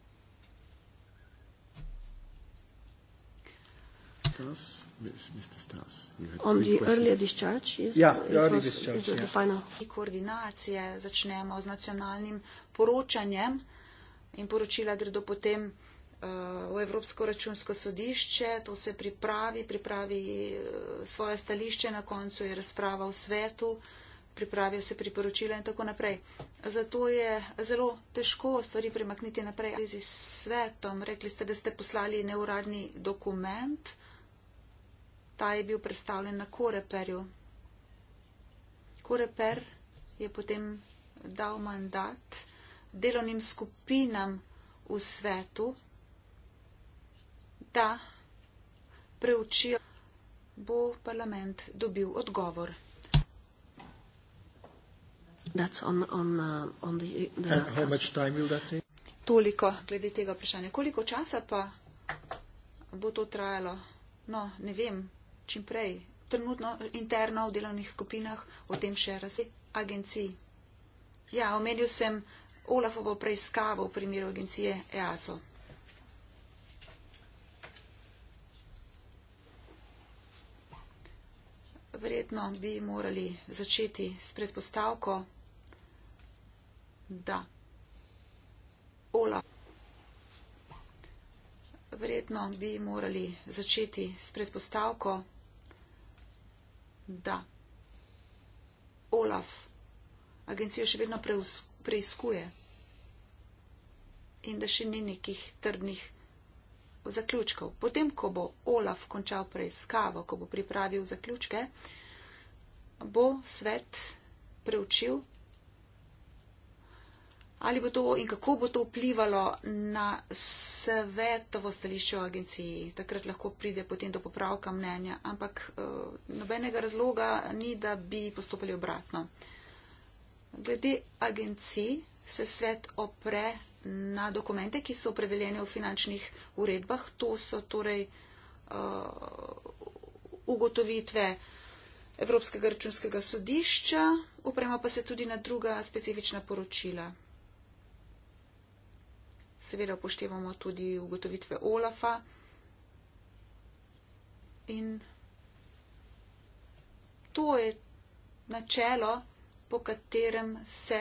Stas, Mr. Stas, you had On three the questions. earlier discharge, yes? Yeah, the early discharge, the, yeah. The final. Koordinacije začnemo z nacionalnim poročanjem in poročila gredo potem eh, v Evropsko računsko sodišče, to se pripravi, pripravi eh, svoje stališče, na koncu je razprava v svetu, pripravijo se priporočila in tako naprej. Zato je zelo težko stvari premakniti naprej. Z svetom, rekli ste, da ste poslali neuradni dokument, uh, ta je bil predstavljen na koreperju. Koreper je potem dal mandat delovnim skupinam v svetu, da preučijo, bo parlament dobil odgovor. On, on, uh, on the, the Toliko glede tega vprašanja. Koliko časa pa bo to trajalo? No, ne vem čim prej. Trenutno interno v delovnih skupinah o tem še razi agenciji. Ja, omenil sem Olafovo preiskavo v primeru agencije EASO. Verjetno bi morali začeti s predpostavko, da Olaf. Verjetno bi morali začeti s predpostavko, da da. Olaf, agencija še vedno preizkuje in da še ni nekih trdnih zaključkov. Potem, ko bo Olaf končal preiskavo, ko bo pripravil zaključke, bo svet preučil ali bo to in kako bo to vplivalo na svetovo stališče v agenciji. Takrat lahko pride potem do popravka mnenja, ampak eh, nobenega razloga ni, da bi postopili obratno. Glede agencij se svet opre na dokumente, ki so opredeljene v finančnih uredbah. To so torej uh, ugotovitve Evropskega računskega sodišča, oprema pa se tudi na druga specifična poročila seveda upoštevamo tudi ugotovitve Olafa. In to je načelo, po katerem se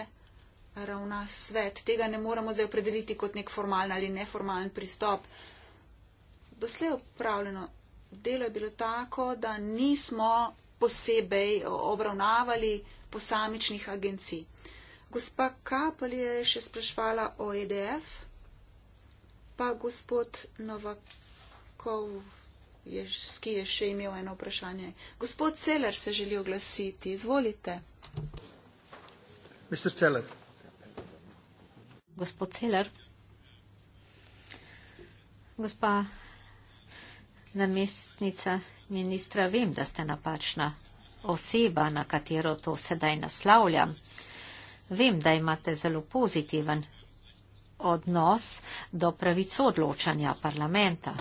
ravna svet. Tega ne moramo zdaj opredeliti kot nek formalen ali neformalen pristop. Doslej upravljeno delo je bilo tako, da nismo posebej obravnavali posamičnih agencij. Gospa Kapel je še sprašvala o EDF. Pa gospod Novakovski je še imel eno vprašanje. Gospod Celer se želi oglasiti. Izvolite. Mr. Celer. Gospod Celer. Gospa namestnica ministra, vem, da ste napačna oseba, na katero to sedaj naslavljam. Vem, da imate zelo pozitiven odnos do pravico odločanja parlamenta.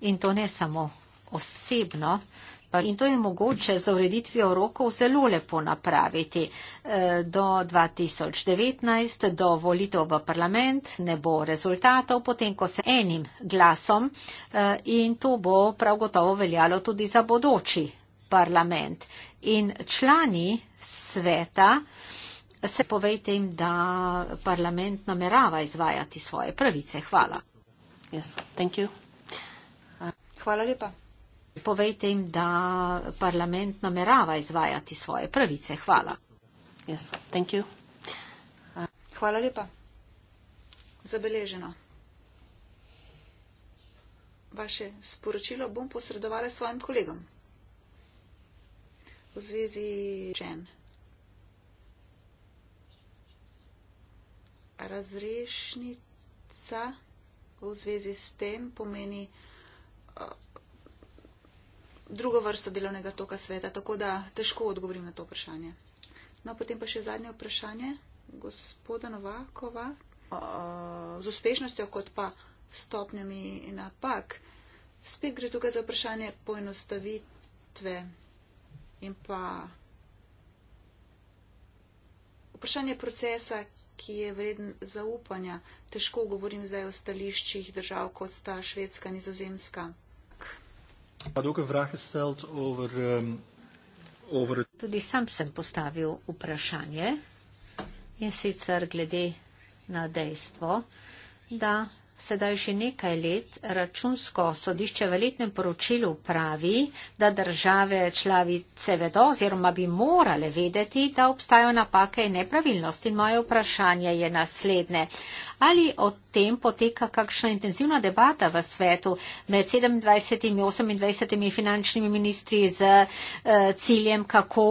In to ne samo osebno, pa in to je mogoče z ureditvijo rokov zelo lepo napraviti. E, do 2019, do volitev v parlament, ne bo rezultatov, potem ko se enim glasom e, in to bo prav gotovo veljalo tudi za bodoči parlament. In člani sveta, se povejte jim, da parlament namerava izvajati svoje pravice. Hvala. Yes, Hvala lepa. Povejte jim, da parlament namerava izvajati svoje pravice. Hvala. Yes, Hvala lepa. Zabeleženo. Vaše sporočilo bom posredovala svojim kolegom. V zvezi čen. razrešnica v zvezi s tem pomeni eh, drugo vrsto delovnega toka sveta, tako da težko odgovorim na to vprašanje. No, potem pa še zadnje vprašanje gospoda Novakova. Eh, z uspešnostjo, kot pa stopnjami napak, spet gre tukaj za vprašanje poenostavitve in pa vprašanje procesa, ki je vreden zaupanja. Težko govorim zdaj o stališčih držav, kot sta Švedska in Nizozemska. Ehm, Tudi sam sem postavil vprašanje in sicer glede na dejstvo, da sedaj že nekaj let računsko sodišče v letnem poročilu pravi, da države članice vedo oziroma bi morale vedeti, da obstajajo napake in nepravilnosti. In moje vprašanje je naslednje ali o tem poteka kakšna intenzivna debata v svetu med 27 in 28 finančnimi ministri z eh, ciljem, kako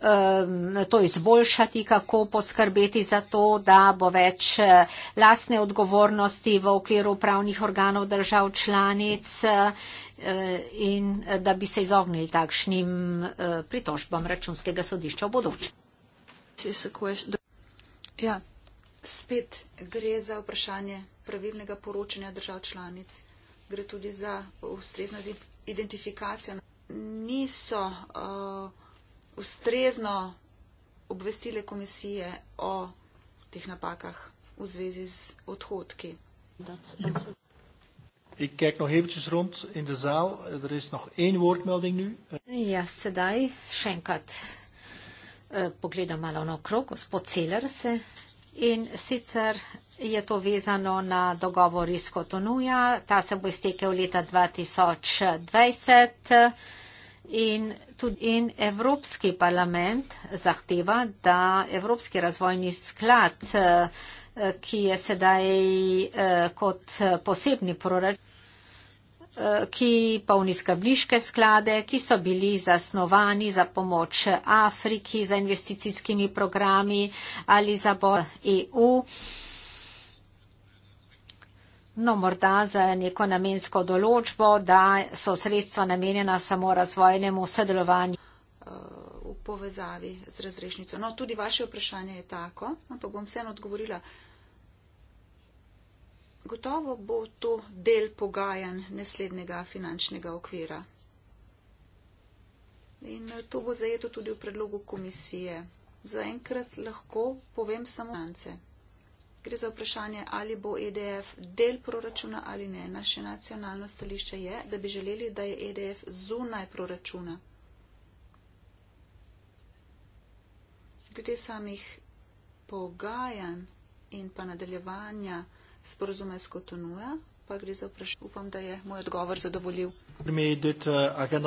eh, to izboljšati, kako poskrbeti za to, da bo več eh, lastne odgovornosti v okviru pravnih organov držav članic in da bi se izognili takšnim pritožbam računskega sodišča v bodoče. Ja, spet gre za vprašanje pravilnega poročanja držav članic, gre tudi za ustrezno identifikacijo. Niso uh, ustrezno obvestile komisije o teh napakah v zvezi z odhodki. Ik kijk nog eventjes rond in de zaal. Er is nog één woordmelding nu. Ja, sedaj še enkrat uh, pogledam malo na okrog. Gospod Celer se In sicer je to vezano na dogovor iz Kotonuja, ta se bo iztekel leta 2020 in, tudi, in Evropski parlament zahteva, da Evropski razvojni sklad, eh, ki je sedaj eh, kot posebni proračun, ki polni skrbniške sklade, ki so bili zasnovani za pomoč Afriki, za investicijskimi programi ali za bo EU. No, morda za neko namensko določbo, da so sredstva namenjena samo razvojnemu sodelovanju. V povezavi z razrešnico. No, tudi vaše vprašanje je tako, ampak bom vseeno odgovorila. Gotovo bo to del pogajanj naslednjega finančnega okvira. In eh, to bo zajeto tudi v predlogu komisije. Zaenkrat lahko povem samo finance. Gre za vprašanje, ali bo EDF del proračuna ali ne. Naše nacionalno stališče je, da bi želeli, da je EDF zunaj proračuna. Glede samih pogajanj in pa nadaljevanja, sporozume s Kotonuja, pa gre za vprašanje. Upam, da je moj odgovor zadovoljiv. Eh,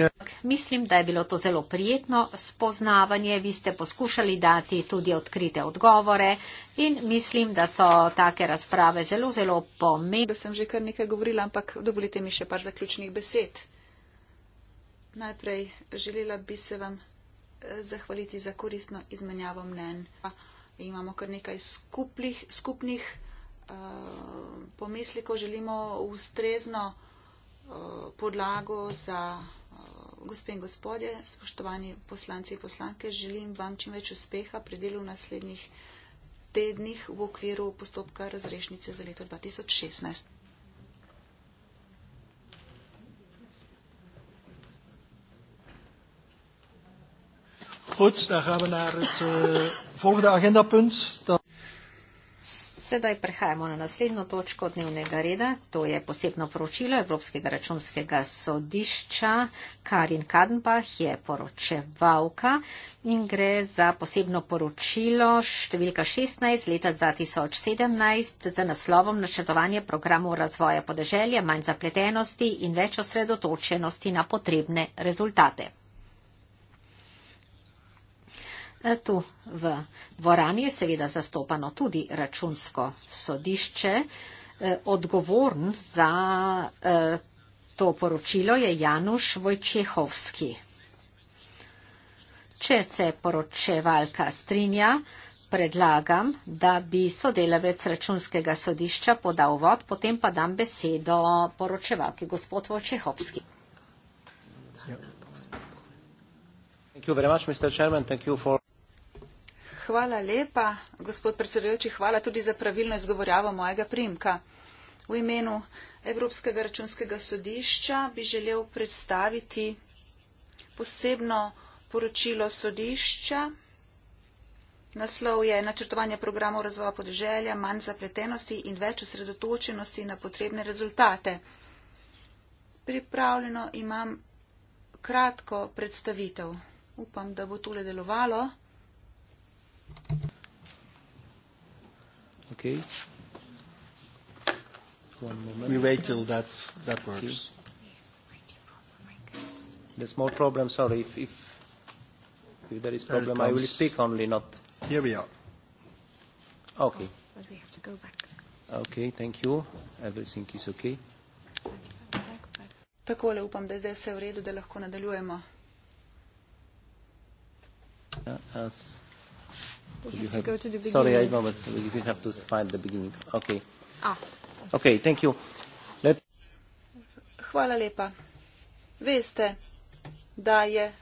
eh, mislim, da je bilo to zelo prijetno spoznavanje. Vi ste poskušali dati tudi odkrite odgovore in mislim, da so take razprave zelo, zelo pomembne. Da sem že kar nekaj govorila, ampak dovolite mi še par zaključnih besed. Najprej želela bi se vam eh, zahvaliti za koristno izmenjavo mnen imamo kar nekaj skuplih, skupnih uh, eh, pomislikov, želimo ustrezno uh, podlago za uh, gospe in gospodje, spoštovani poslanci in poslanke, želim vam čim več uspeha pri delu naslednjih tednih v okviru postopka razrešnice za leto 2016. Kurz, da haben wir zu volgende agendapunt. Sedaj prehajamo na naslednjo točko dnevnega reda. To je posebno poročilo Evropskega računskega sodišča. Karin Kadenbach je poročevalka in gre za posebno poročilo številka 16 leta 2017 z naslovom načrtovanje programov razvoja podeželja, manj zapletenosti in več osredotočenosti na potrebne rezultate. E, tu v dvorani je seveda zastopano tudi računsko sodišče. E, Odgovorn za e, to poročilo je Januš Vojčehovski. Če se poročevalka strinja, predlagam, da bi sodelavec računskega sodišča podal vod, potem pa dam besedo poročevalki, gospod Vojčehovski. Thank you very much, Mr. Chairman. Thank you for Hvala lepa, gospod predsedujoči, hvala tudi za pravilno izgovorjavo mojega primka. V imenu Evropskega računskega sodišča bi želel predstaviti posebno poročilo sodišča. Naslov je načrtovanje programov razvoja podeželja, manj zapletenosti in več osredotočenosti na potrebne rezultate. Pripravljeno imam kratko predstavitev. Upam, da bo tole delovalo. Okay. One moment. We wait till that works. There's a lighting problem, I guess. There's more problems. Sorry. If there is problem, I will speak only, not. Here we are. Okay. Oh, we have to go back. Okay. Thank you. Everything is okay. Takole, upam, da je zdaj vse v redu, da lahko nadaljujemo. Uh, as you have to go to the beginning. Sorry, I know, but you have to find the beginning. Okay. Ah. Okay, thank you. Let... Hvala lepa. Veste, da je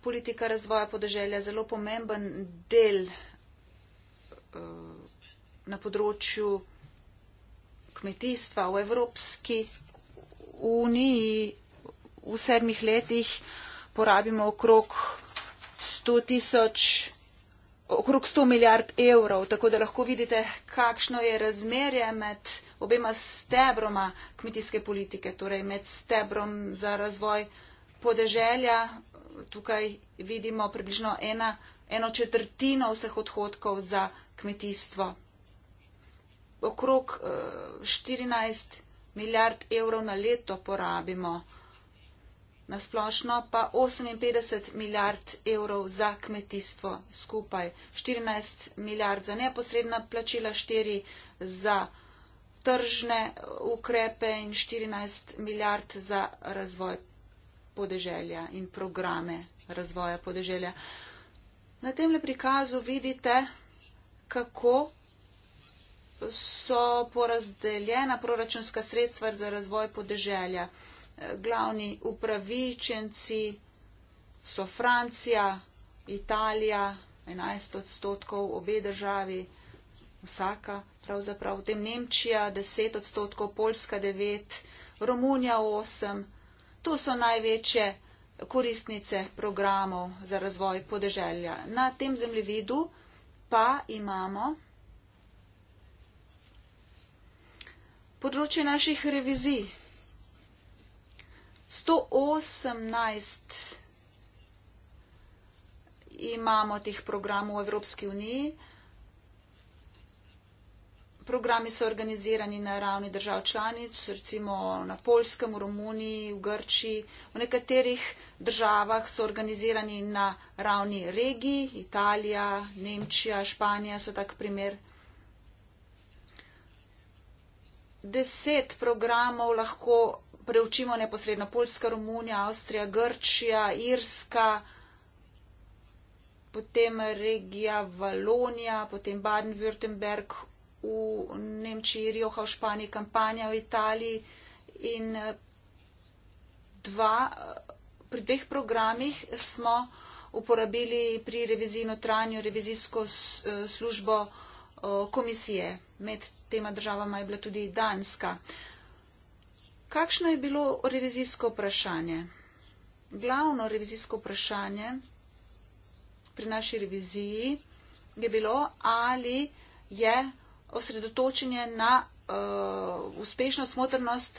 politika razvoja podeželja zelo pomemben del eh, na področju kmetijstva v Evropski uniji v sedmih letih porabimo okrog 100 tisoč 000 okrog 100 milijard evrov, tako da lahko vidite, kakšno je razmerje med obema stebroma kmetijske politike, torej med stebrom za razvoj podeželja. Tukaj vidimo približno ena, eno četrtino vseh odhodkov za kmetijstvo. Okrog 14 eh, milijard evrov na leto porabimo na splošno pa 58 milijard evrov za kmetijstvo skupaj, 14 milijard za neposredna plačila, 4 za tržne ukrepe in 14 milijard za razvoj podeželja in programe razvoja podeželja. Na tem le prikazu vidite, kako so porazdeljena proračunska sredstva za razvoj podeželja glavni upravičenci so Francija, Italija, 11 odstotkov obe državi, vsaka pravzaprav, v tem Nemčija 10 odstotkov, Poljska 9, Romunija 8. To so največje koristnice programov za razvoj podeželja. Na tem zemljevidu pa imamo področje naših revizij. 118 imamo teh programov v Evropski uniji. Programi so organizirani na ravni držav članic, recimo na Polskem, v Romuniji, v Grčiji. V nekaterih državah so organizirani na ravni regij, Italija, Nemčija, Španija so tak primer. Deset programov lahko preučimo neposredno Poljska, Romunija, Avstrija, Grčija, Irska, potem regija Valonija, potem Baden-Württemberg v Nemčiji, Rioja v Španiji, Kampanja v Italiji in eh, dva, eh, pri dveh programih smo uporabili pri reviziji notranjo revizijsko eh, službo komisije. Med tema državama je bila tudi Danska. Kakšno je bilo revizijsko vprašanje? Glavno revizijsko vprašanje pri naši reviziji je bilo, ali je osredotočenje na uh, uspešnost, smotrnost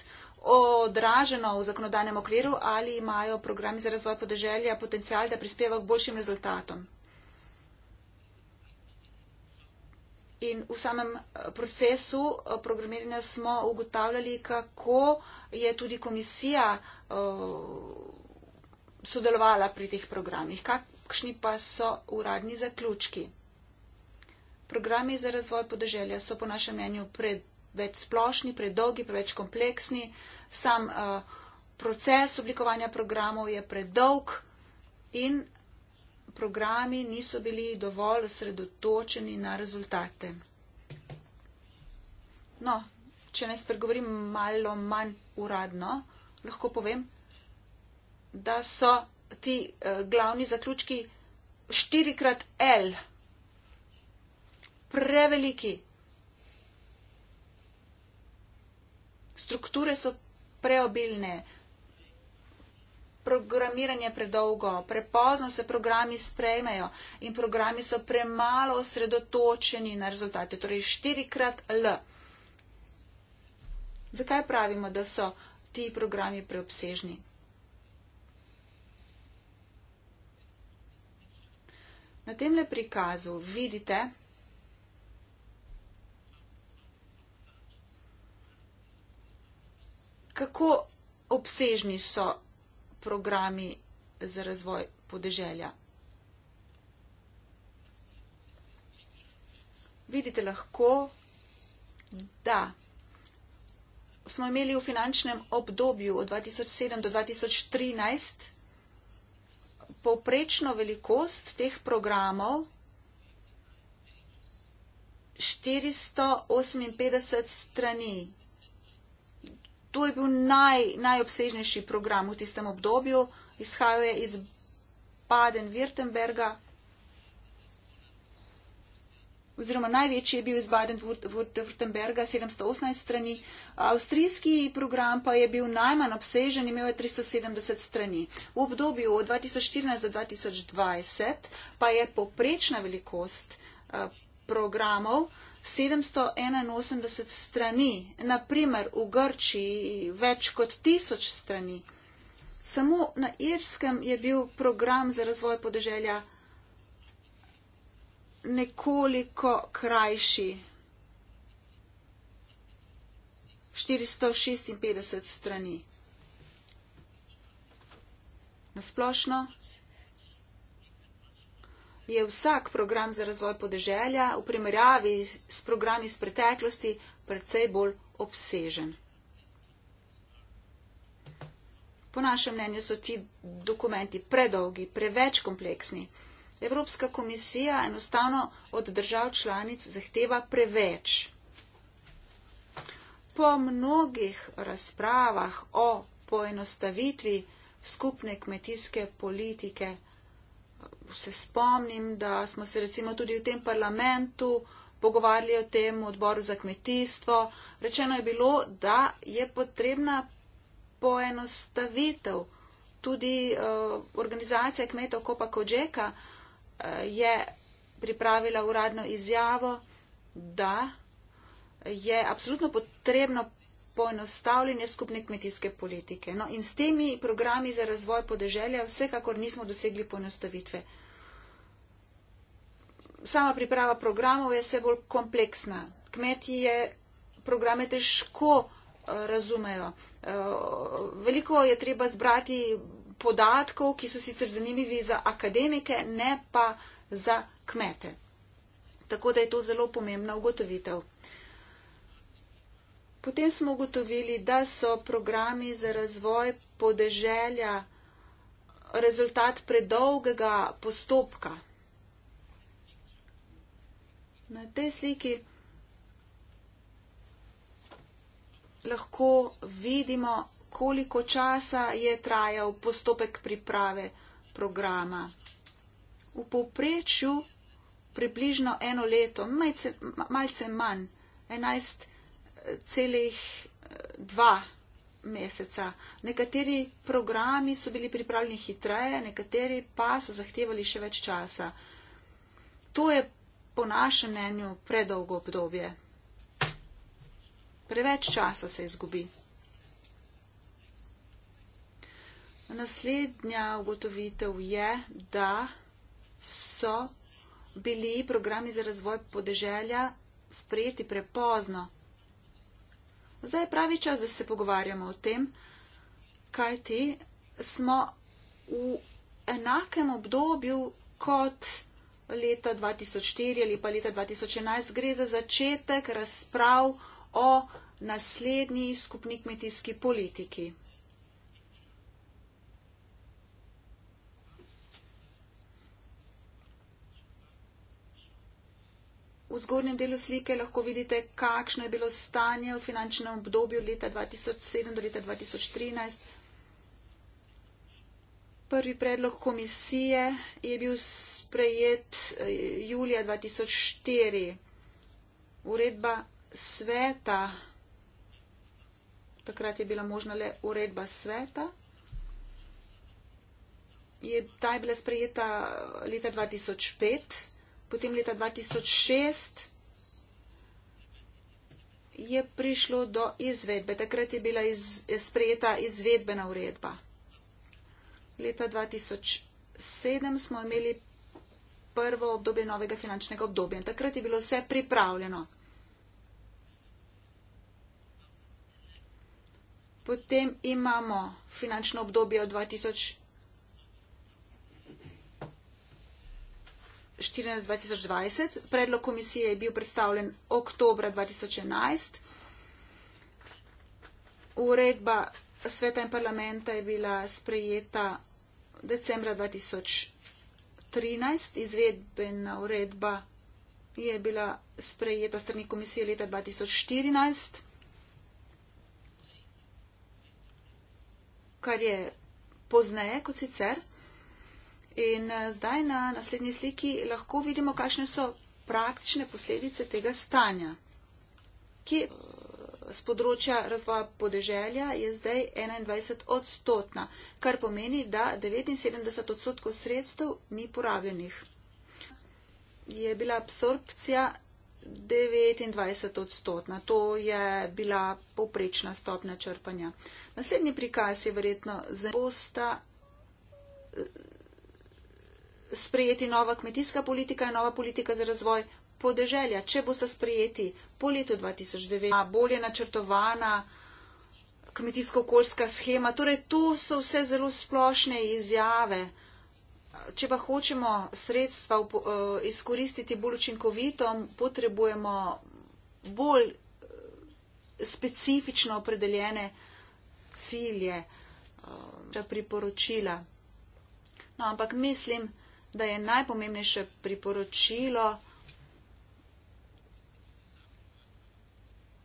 odraženo v zakonodajnem okviru, ali imajo programi za razvoj podeželja potencial, da prispeva k boljšim rezultatom. In v samem eh, procesu eh, programiranja smo ugotavljali, kako je tudi komisija eh, sodelovala pri teh programih, kakšni pa so uradni zaključki. Programi za razvoj podeželja so po našem mnenju preveč splošni, predolgi, preveč kompleksni. Sam uh, proces oblikovanja programov je predolg in programi niso bili dovolj osredotočeni na rezultate. No, če ne spregovorim malo manj uradno, lahko povem, da so ti eh, glavni zaključki 4xL preveliki. Strukture so preobilne, programiranje predolgo, prepozno se programi sprejmejo in programi so premalo osredotočeni na rezultate. Torej, štirikrat L. Zakaj pravimo, da so ti programi preobsežni? Na tem le prikazu vidite, kako obsežni so programi za razvoj podeželja. Vidite lahko, da smo imeli v finančnem obdobju od 2007 do 2013 povprečno velikost teh programov 458 strani to je bil naj, najobsežnejši program v tistem obdobju. Izhajal je iz Baden-Württemberga. Oziroma največji je bil iz Baden-Württemberga, 718 strani. Avstrijski program pa je bil najmanj obsežen, imel je 370 strani. V obdobju od 2014 do 2020 pa je poprečna velikost eh, programov 781 strani, naprimer v Grčiji več kot tisoč strani. Samo na Irskem je bil program za razvoj podeželja nekoliko krajši. 456 strani. Nasplošno je vsak program za razvoj podeželja v primerjavi s programi iz preteklosti predvsej bolj obsežen. Po našem mnenju so ti dokumenti predolgi, preveč kompleksni. Evropska komisija enostavno od držav članic zahteva preveč. Po mnogih razpravah o poenostavitvi skupne kmetijske politike, se spomnim, da smo se recimo tudi v tem parlamentu pogovarjali o tem odboru za kmetijstvo. Rečeno je bilo, da je potrebna poenostavitev. Tudi uh, organizacija kmetov Kopa Kođeka uh, eh, je pripravila uradno izjavo, da je apsolutno potrebno poenostavljanje skupne kmetijske politike. No, in s temi programi za razvoj podeželja vsekakor nismo dosegli poenostavitve. Uh, sama priprava programov je vse bolj kompleksna. Kmetije programe težko eh, razumejo. Eh, veliko je treba zbrati podatkov, ki so sicer zanimivi za akademike, ne pa za kmete. Tako da je to zelo pomembna ugotovitev. Potem smo ugotovili, da so programi za razvoj podeželja rezultat predolgega postopka. Na tej sliki lahko vidimo, koliko časa je trajal postopek priprave programa. V povprečju približno eno leto, malce, malce manj, 11,2 eh, meseca. Nekateri programi so bili pripravljeni hitreje, nekateri pa so zahtevali še več časa. To je po našem mnenju predolgo obdobje. Preveč časa se izgubi. Naslednja ugotovitev je, da so bili programi za razvoj podeželja sprejeti prepozno. Zdaj je pravi čas, da se pogovarjamo o tem, kaj ti smo v enakem obdobju kot leta 2004 ali pa leta 2011, gre za začetek razprav o naslednji skupni kmetijski politiki. V zgornjem delu slike lahko vidite, kakšno je bilo stanje v finančnem obdobju leta 2007 do leta 2013 Prvi predlog komisije je bil sprejet eh, julija 2004. Uredba sveta, takrat je bila možna le uredba sveta, je, ta je bila sprejeta eh, leta 2005, potem leta 2006 je prišlo do izvedbe, takrat je bila iz, sprejeta izvedbena uredba leta 2007 smo imeli prvo obdobje novega finančnega obdobja. Takrat je bilo vse pripravljeno. Potem imamo finančno obdobje od 2014-2020. Predlog komisije je bil predstavljen oktober 2011. Uredba sveta in parlamenta je bila sprejeta decembra 2013. Izvedbena uredba je bila sprejeta strani komisije leta 2014, kar je pozneje kot sicer. In eh, zdaj na naslednji sliki lahko vidimo, kakšne so praktične posledice tega stanja. Kje z področja razvoja podeželja je zdaj 21 odstotna, kar pomeni, da 79 odstotkov sredstev ni porabljenih. Je bila absorpcija 29 odstotna, to je bila poprečna stopna črpanja. Naslednji prikaz je verjetno za posta eh, sprejeti nova kmetijska politika in nova politika za razvoj podeželja, če boste sprejeti po letu 2009, bolje načrtovana kmetijsko-okoljska schema. Torej, to so vse zelo splošne izjave. Če pa hočemo sredstva eh, izkoristiti bolj učinkovito, potrebujemo bolj eh, specifično opredeljene cilje, če eh, priporočila. No, ampak mislim, da je najpomembnejše priporočilo,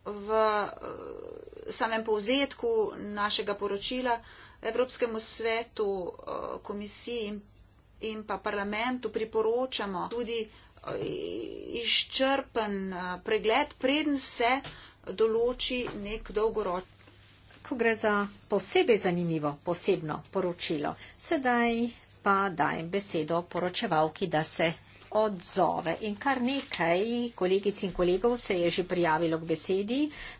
v eh, samem povzetku našega poročila Evropskemu svetu, eh, komisiji in pa parlamentu priporočamo tudi eh, izčrpen pregled, preden se določi nek dolgoročni. Ko gre za posebej zanimivo, posebno poročilo, sedaj pa dajem besedo poročevalki, da se odzove. In kar nekaj kolegic in kolegov se je že prijavilo k besedi,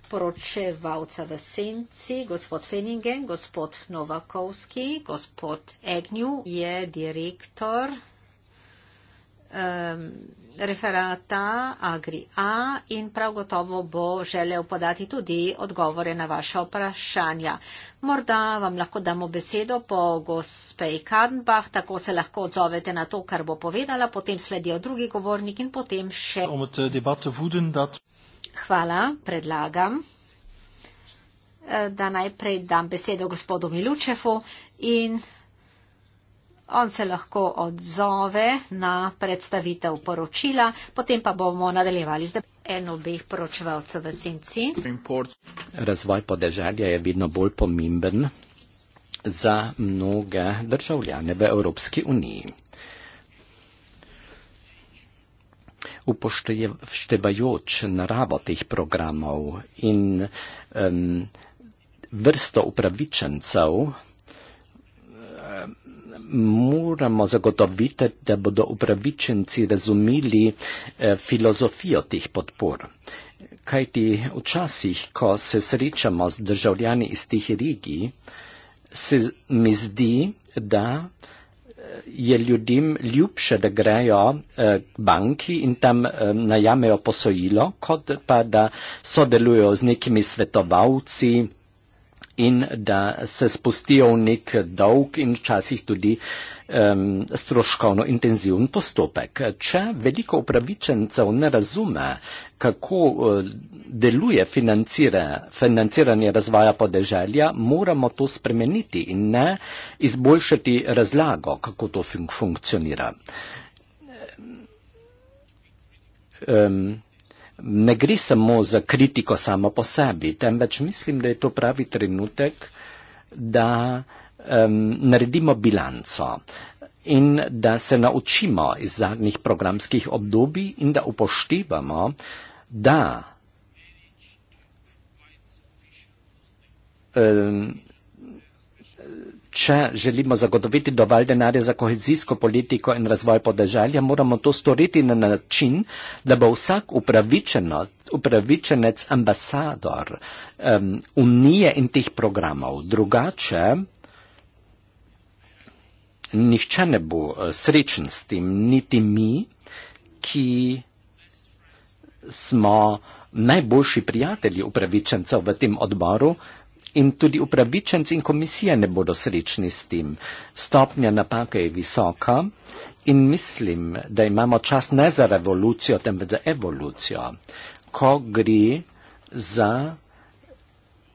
poročevalca v senci, gospod Feningen, gospod Novakovski, gospod Egnju je direktor. Um, referata Agri A in prav gotovo bo želel podati tudi odgovore na vaše vprašanja. Morda vam lahko damo besedo po gospej Kadenbach, tako se lahko odzovete na to, kar bo povedala, potem sledijo drugi govornik in potem še. Eh, Hvala, predlagam eh, da najprej dam besedo gospodu Milučefu in On se lahko odzove na predstavitev poročila, potem pa bomo nadaljevali z eno obeh poročevalcev v Senci. Razvoj podeželja je vedno bolj pomemben za mnoge državljane v Evropski uniji. Upoštevajoč naravo teh programov in um, vrsto upravičencev, moramo zagotoviti, da bodo upravičenci razumeli eh, filozofijo teh podpor. Kaj ti včasih, ko se srečamo z državljani iz teh regij, se mi zdi, da eh, je ljudem ljubše, da grejo eh, k eh, banki in tam eh, najamejo posojilo, kot pa da sodelujo z nekimi svetovalci in da se spustijo v nek dolg in včasih tudi um, stroškovno intenziven postopek. Če veliko upravičencev ne razume, kako eh, deluje financiranje razvoja podeželja, moramo to spremeniti in ne izboljšati razlago, kako to fun funkcionira. Um, ne gre samo za kritiko samo po sebi, temveč mislim, da je to pravi trenutek, da um, naredimo bilanco in da se naučimo iz zadnjih programskih obdobij in da upoštevamo, da um, Če želimo zagotoviti dovolj denarja za kohezijsko politiko in razvoj podeželja, moramo to storiti na način, da bo vsak upravičenec, ambasador um, unije in teh programov. Drugače, nihče ne bo eh, srečen s tem, niti mi, ki smo najboljši prijatelji upravičencev v tem odboru in tudi upravičenci in komisije ne bodo srečni s tem. Stopnja napake je visoka in mislim, da imamo čas ne za revolucijo, temveč za evolucijo, ko gre za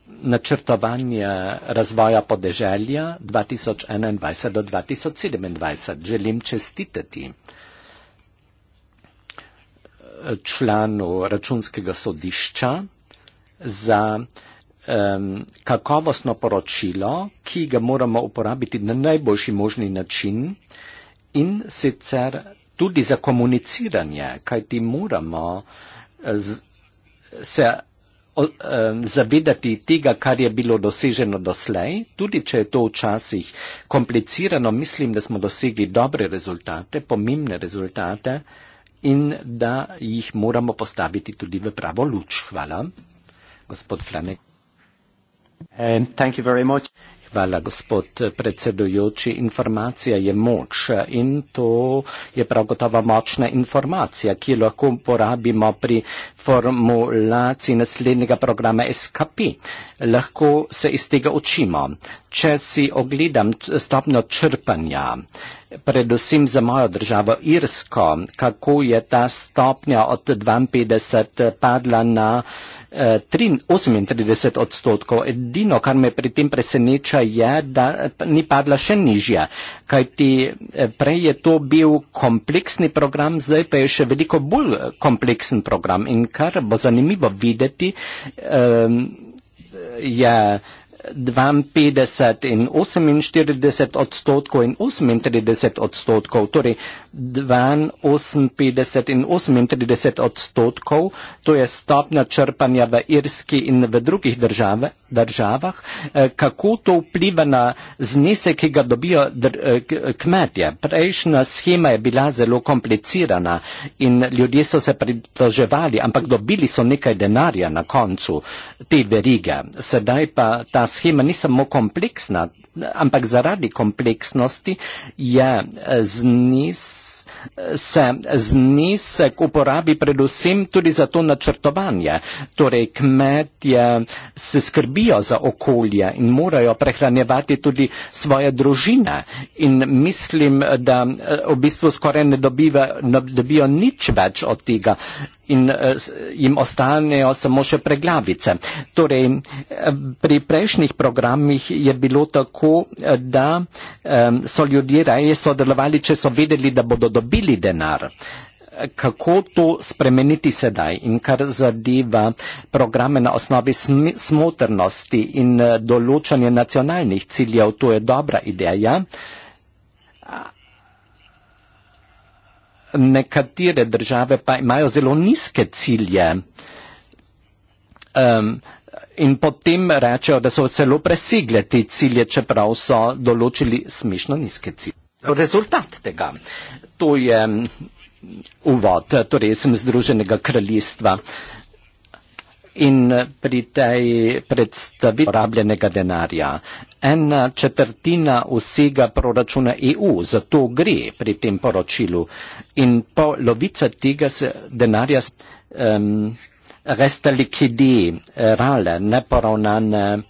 načrtovanje razvoja podeželja 2021 do 2027. Želim čestitati članu računskega sodišča za um, kakovostno poročilo, ki ga moramo uporabiti na najboljši možni način in sicer tudi za komuniciranje, kajti moramo eh, z, se zavedati tega, kar je bilo doseženo doslej, tudi če je to včasih komplicirano, mislim, da smo dosegli dobre rezultate, pomembne rezultate in da jih moramo postaviti tudi v pravo luč. Hvala, gospod Franek. Hvala, gospod predsedujoči. Informacija je moč in to je prav gotovo močna informacija, ki jo lahko uporabimo pri formulaciji naslednjega programa SKP. Lahko se iz tega učimo če si ogledam stopno črpanja, predvsem za mojo državo Irsko, kako je ta stopnja od 52 eh, padla na eh, 3, 38 odstotkov. Edino, kar me pri tem preseneča, je, da eh, ni padla še nižja, kajti eh, prej je to bil kompleksni program, zdaj pa je še veliko bolj kompleksen program. In kar bo zanimivo videti, eh, je. 52 in 48 odstotkov in 38 odstotkov, torej 52 in 38 odstotkov, to je stopnja črpanja v Irski in v drugih državah, državah, eh, kako to vpliva na znesek, ki ga dobijo eh, kmetje. Prejšnja schema je bila zelo komplicirana in ljudje so se pritoževali, ampak dobili so nekaj denarja na koncu te verige. Sedaj pa ta schema ni samo kompleksna, ampak zaradi kompleksnosti je eh, znesek se znesek uporabi predvsem tudi za to načrtovanje. Torej, kmetje se skrbijo za okolje in morajo prehranjevati tudi svoje družine. In mislim, da eh, v bistvu skoraj ne, dobiva, ne dobijo nič več od tega in eh, jim ostanejo samo še preglavice. Torej, eh, pri prejšnjih programih je bilo tako, eh, da so ljudje raje sodelovali, če so vedeli, da bodo dobili denar. Kako to spremeniti sedaj in kar zadeva programe na osnovi sm smotrnosti in določanje nacionalnih ciljev, to je dobra ideja nekatere države pa imajo zelo nizke cilje. Um, in potem rečejo, da so celo presegli te cilje, čeprav so določili smešno nizke cilje. Rezultat tega. To je uvod, torej sem Združenega kraljestva. In pri tej predstavitvi porabljenega denarja ena četrtina vsega proračuna EU, za to gre pri tem poročilu in polovica tega se denarja um, resta likvidi, rale, neporavnane. Um,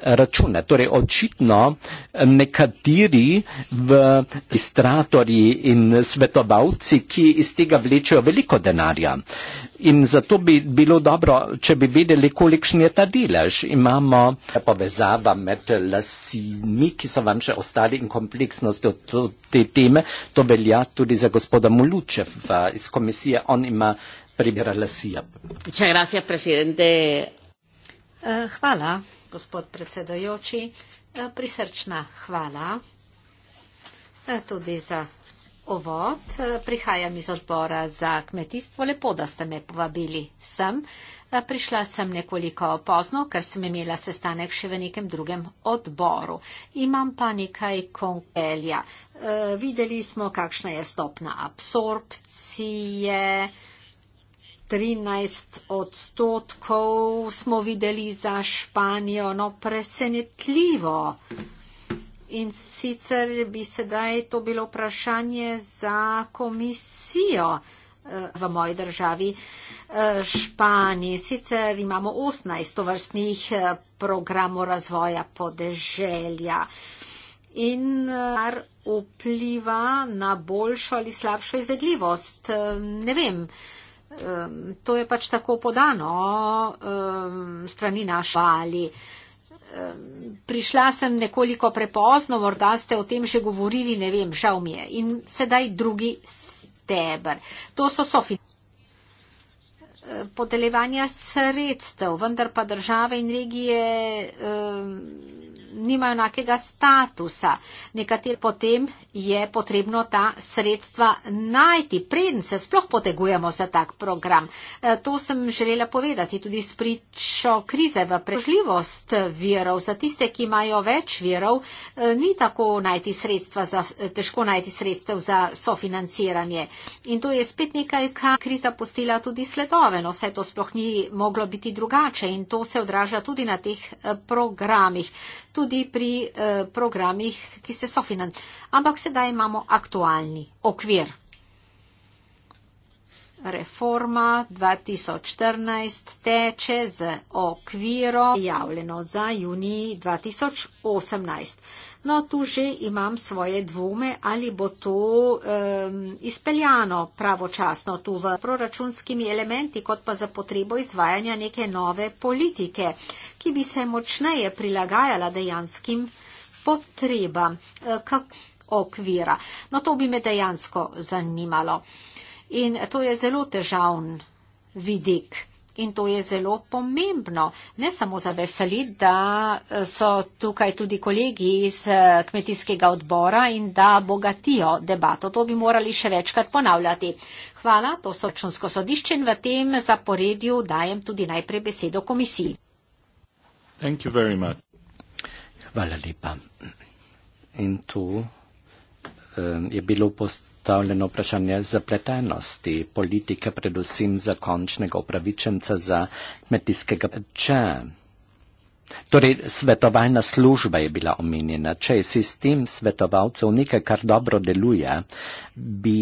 račune. Torej, očitno eh, nekateri registratorji in svetovalci, ki iz tega vlečejo veliko denarja. In zato bi bilo dobro, če bi vedeli, kolikšen je ta delež. Imamo povezava med lasimi, ki so vam še ostali in kompleksnost te teme. To velja tudi za gospoda Mulučev iz komisije. On ima primjera lasija. Eh, hvala gospod predsedojoči, e, prisrčna hvala e, tudi za ovod. E, prihajam iz odbora za kmetijstvo, lepo, da ste me povabili sem. Prišla sem nekoliko pozno, ker sem imela sestanek še v nekem drugem odboru. Imam pa nekaj konkelja. Videli smo, kakšna je stopna absorpcije. 13 odstotkov smo videli za Španijo, no presenetljivo. In sicer bi sedaj to bilo vprašanje za komisijo eh, v moji državi eh, Španiji. Sicer imamo 18 vrstnih eh, programov razvoja podeželja. In kar vpliva na boljšo ali slabšo izvedljivost. Ne vem, um, to je pač tako podano um, strani naše ali. Prišla sem nekoliko prepozno, morda ste o tem že govorili, ne vem, žal mi je. In sedaj drugi stebr. To so sofinanciranja podeljevanja sredstev, vendar pa države in regije um, nimajo enakega statusa. Nekater potem je potrebno ta sredstva najti, preden se sploh potegujemo za tak program. E, to sem želela povedati tudi s pričo krize v prežljivost virov. Za tiste, ki imajo več virov, e, ni tako najti sredstva, za, težko najti sredstev za sofinanciranje. In to je spet nekaj, kar kriza postila tudi sledove. No, vse to sploh ni moglo biti drugače in to se odraža tudi na teh e, programih tudi pri eh, programih, ki se sofinancirajo. Ampak sedaj imamo aktualni okvir. Reforma 2014 teče z okvirom, javljeno za juni 2018. No, tu že imam svoje dvome, ali bo to um, izpeljano pravočasno tu v proračunskimi elementi, kot pa za potrebo izvajanja neke nove politike, ki bi se močneje prilagajala dejanskim potrebam eh, okvira. No, to bi me dejansko zanimalo. In to je zelo težavn vidik in to je zelo pomembno. Ne samo za veseli, da eh, so tukaj tudi kolegi iz eh, kmetijskega odbora in da bogatijo debato. To bi morali še večkrat ponavljati. Hvala, to so računsko sodišče in v tem zaporedju dajem tudi najprej besedo komisiji. Hvala lepa. In tu um, je bilo postavljeno postavljeno vprašanje zapletenosti politike, predvsem za končnega upravičenca za kmetijskega če. Torej, svetovalna služba je bila omenjena. Če je sistem svetovalcev nekaj, kar dobro deluje, bi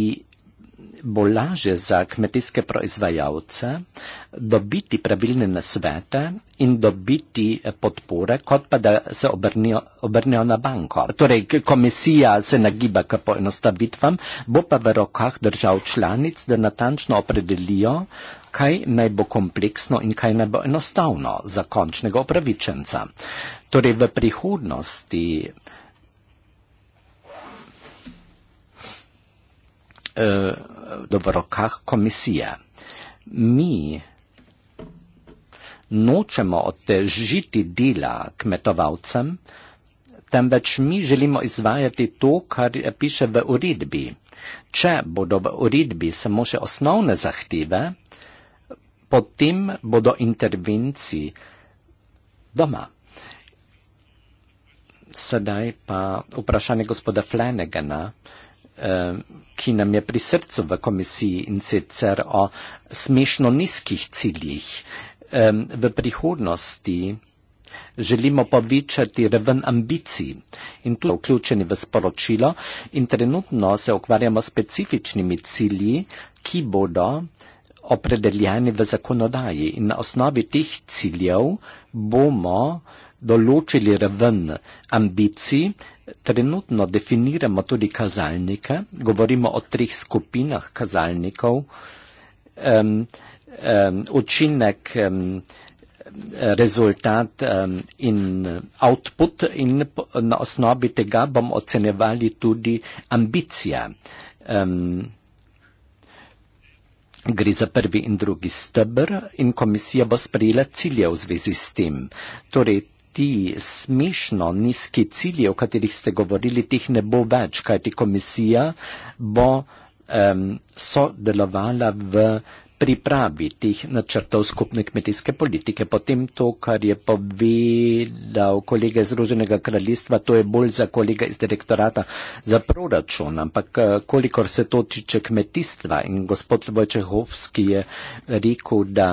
bo lažje za kmetijske proizvajalce dobiti pravilne nasvete in dobiti eh, podpore, kot pa da se obrnijo, obrnijo na banko. Torej, komisija se nagiba k poenostavitvam, bo pa v rokah držav članic, da natančno opredelijo, kaj naj bo kompleksno in kaj naj bo enostavno za končnega upravičenca. Torej, v prihodnosti. Eh, v rokah komisije. Mi nočemo otežiti dela kmetovalcem, temveč mi želimo izvajati to, kar piše v uredbi. Če bodo v uredbi samo še osnovne zahteve, potem bodo intervenci doma. Sedaj pa vprašanje gospoda Flanagana. Uh, Eh, ki nam je pri srcu v komisiji in sicer o smešno nizkih ciljih. V prihodnosti želimo povečati raven ambicij in tudi vključeni v sporočilo in trenutno se ukvarjamo specifičnimi cilji, ki bodo opredeljeni v zakonodaji in na osnovi teh ciljev bomo določili raven ambicij, trenutno definiramo tudi kazalnike, govorimo o treh skupinah kazalnikov, um, um, učinek, um, rezultat um, in output in na osnovi tega bomo ocenjevali tudi ambicija. Um, Gre za prvi in drugi stebr in komisija bo sprejela cilje v zvezi s tem. Torej, ti smešno nizki cilje, o katerih ste govorili, teh ne bo več, kajti komisija bo um, sodelovala v pripravi teh načrtov skupne kmetijske politike. Potem to, kar je povedal kolega iz Združenega kraljestva, to je bolj za kolega iz direktorata za proračun, ampak eh, kolikor se to tiče kmetijstva in gospod Vojčehovski je rekel, da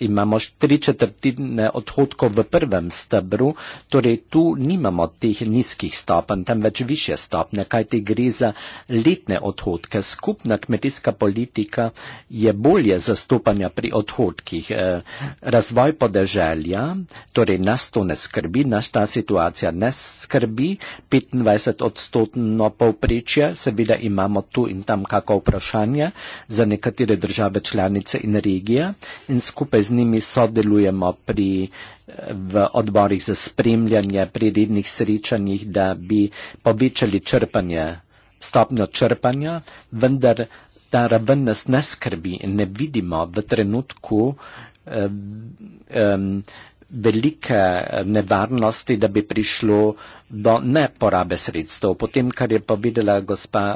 imamo tri četrtine odhodkov v prvem stebru, torej tu nimamo teh nizkih stopenj, temveč više stopne, kaj ti gre za letne odhodke. Skupna kmetijska politika je bolje zastopanja pri odhodkih. E, razvoj podeželja, torej nas to ne skrbi, nas ta situacija ne skrbi, 25 odstotno povprečje, seveda imamo tu in tam kako vprašanje za nekatere države članice in regije in skupaj z njimi sodelujemo pri, eh, v odborih za spremljanje, pri rednih srečanjih, da bi povečali črpanje, stopnjo črpanja, vendar ta raven nas ne skrbi in ne vidimo v trenutku um, velike eh, nevarnosti, da bi prišlo do neporabe sredstev. Potem, kar je povedala gospa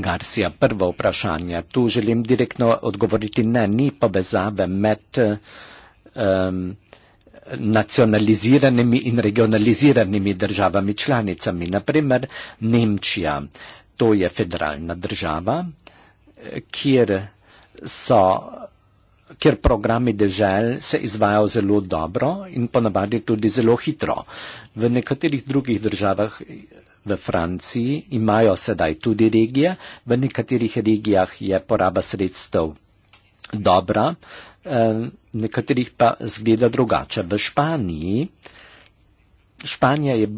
Garcia, prvo vprašanje. Tu želim direktno odgovoriti, ne, ni povezave med um, nacionaliziranimi in regionaliziranimi državami članicami. Naprimer, Nemčija, to je federalna država, kjer so ker programi dežel se izvajajo zelo dobro in ponavadi tudi zelo hitro. V nekaterih drugih državah V Franciji imajo sedaj tudi regije, v nekaterih regijah je poraba sredstev dobra, v eh, nekaterih pa zgleda drugače. V Španiji, Španija je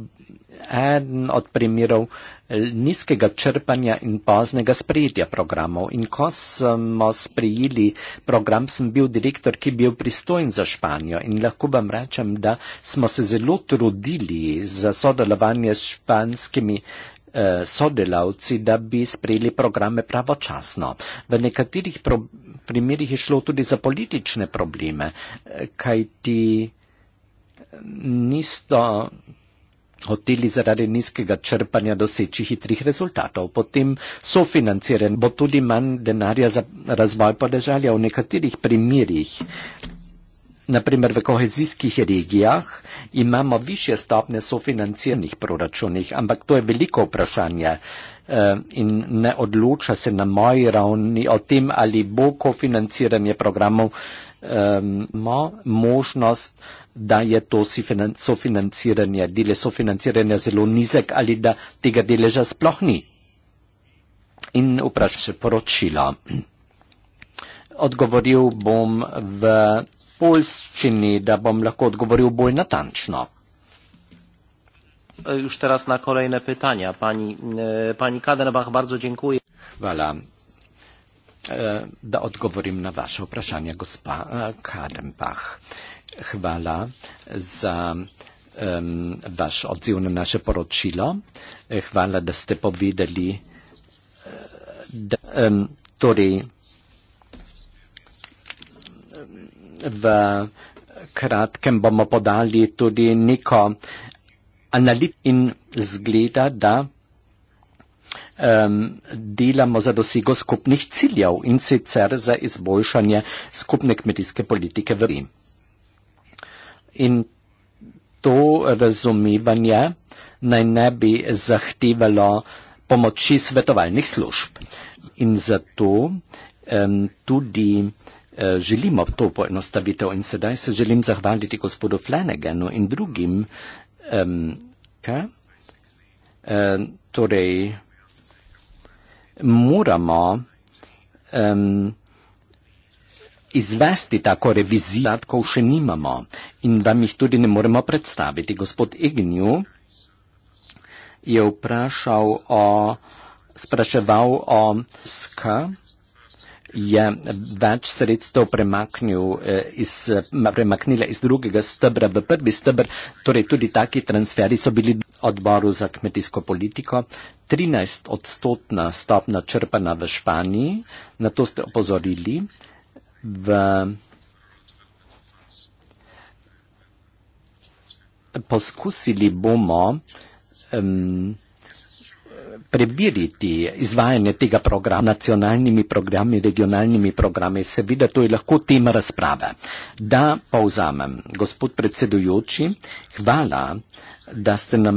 eden od primerov, Eh, nizkega črpanja in poznega sprejetja programov. In ko smo sprejeli program, sem bil direktor, ki je bil pristojen za Španijo in lahko vam rečem, da smo se zelo trudili za sodelovanje s španskimi eh, sodelavci, da bi sprejeli programe pravočasno. V nekaterih primerjih je šlo tudi za politične probleme, eh, kaj ti nisto hoteli zaradi nizkega črpanja doseči hitrih rezultatov. Potem sofinanciran bo tudi manj denarja za razvoj podeželja. V nekaterih primerjih Naprimer, v kohezijskih regijah imamo više stopne sofinanciranih proračunih, ampak to je veliko vprašanje eh, in ne odloča se na moji ravni o tem, ali bo kofinanciranje programov mo, možnost, da je to sofinanciranje, dele sofinanciranja zelo nizek ali da tega deleža sploh ni. In vprašanje poročilo. Odgovoril bom v polščini, da bom lahko odgovoril bolj natančno. E, już teraz na kolejne pytania. Pani, e, pani Kadenbach, bardzo dziękuję. Voilà. E, da odgovorim na Wasze opraszanie, gospa e, Kadenbach. Chwala za e, Wasz odzył na nasze porocilo. Chwala, że ste powiedzieli, e, e, v kratkem bomo podali tudi neko analit in zgleda, da um, delamo za dosego skupnih ciljev in sicer za izboljšanje skupne kmetijske politike v Rim. In to razumevanje naj ne bi zahtevalo pomoči svetovalnih služb. In zato um, tudi Eh, želimo to poenostavitev in sedaj se želim zahvaliti gospodu Flanaganu in drugim, um, ka, um, torej moramo um, izvesti tako revizijo podatkov, še nimamo in vam jih tudi ne moremo predstaviti. Gospod Ignju je vprašal o, spraševal o SK je več sredstev eh, iz, premaknila iz drugega stebra v prvi stebr, torej tudi taki transferi so bili odboru za kmetijsko politiko. 13 odstotna stopna črpana v Španiji, na to ste opozorili, v poskusili bomo um, prebiriti izvajanje tega programa nacionalnimi programi, regionalnimi programi. Seveda, to je lahko tema razprave. Da povzamem, gospod predsedujoči, hvala, da ste nam.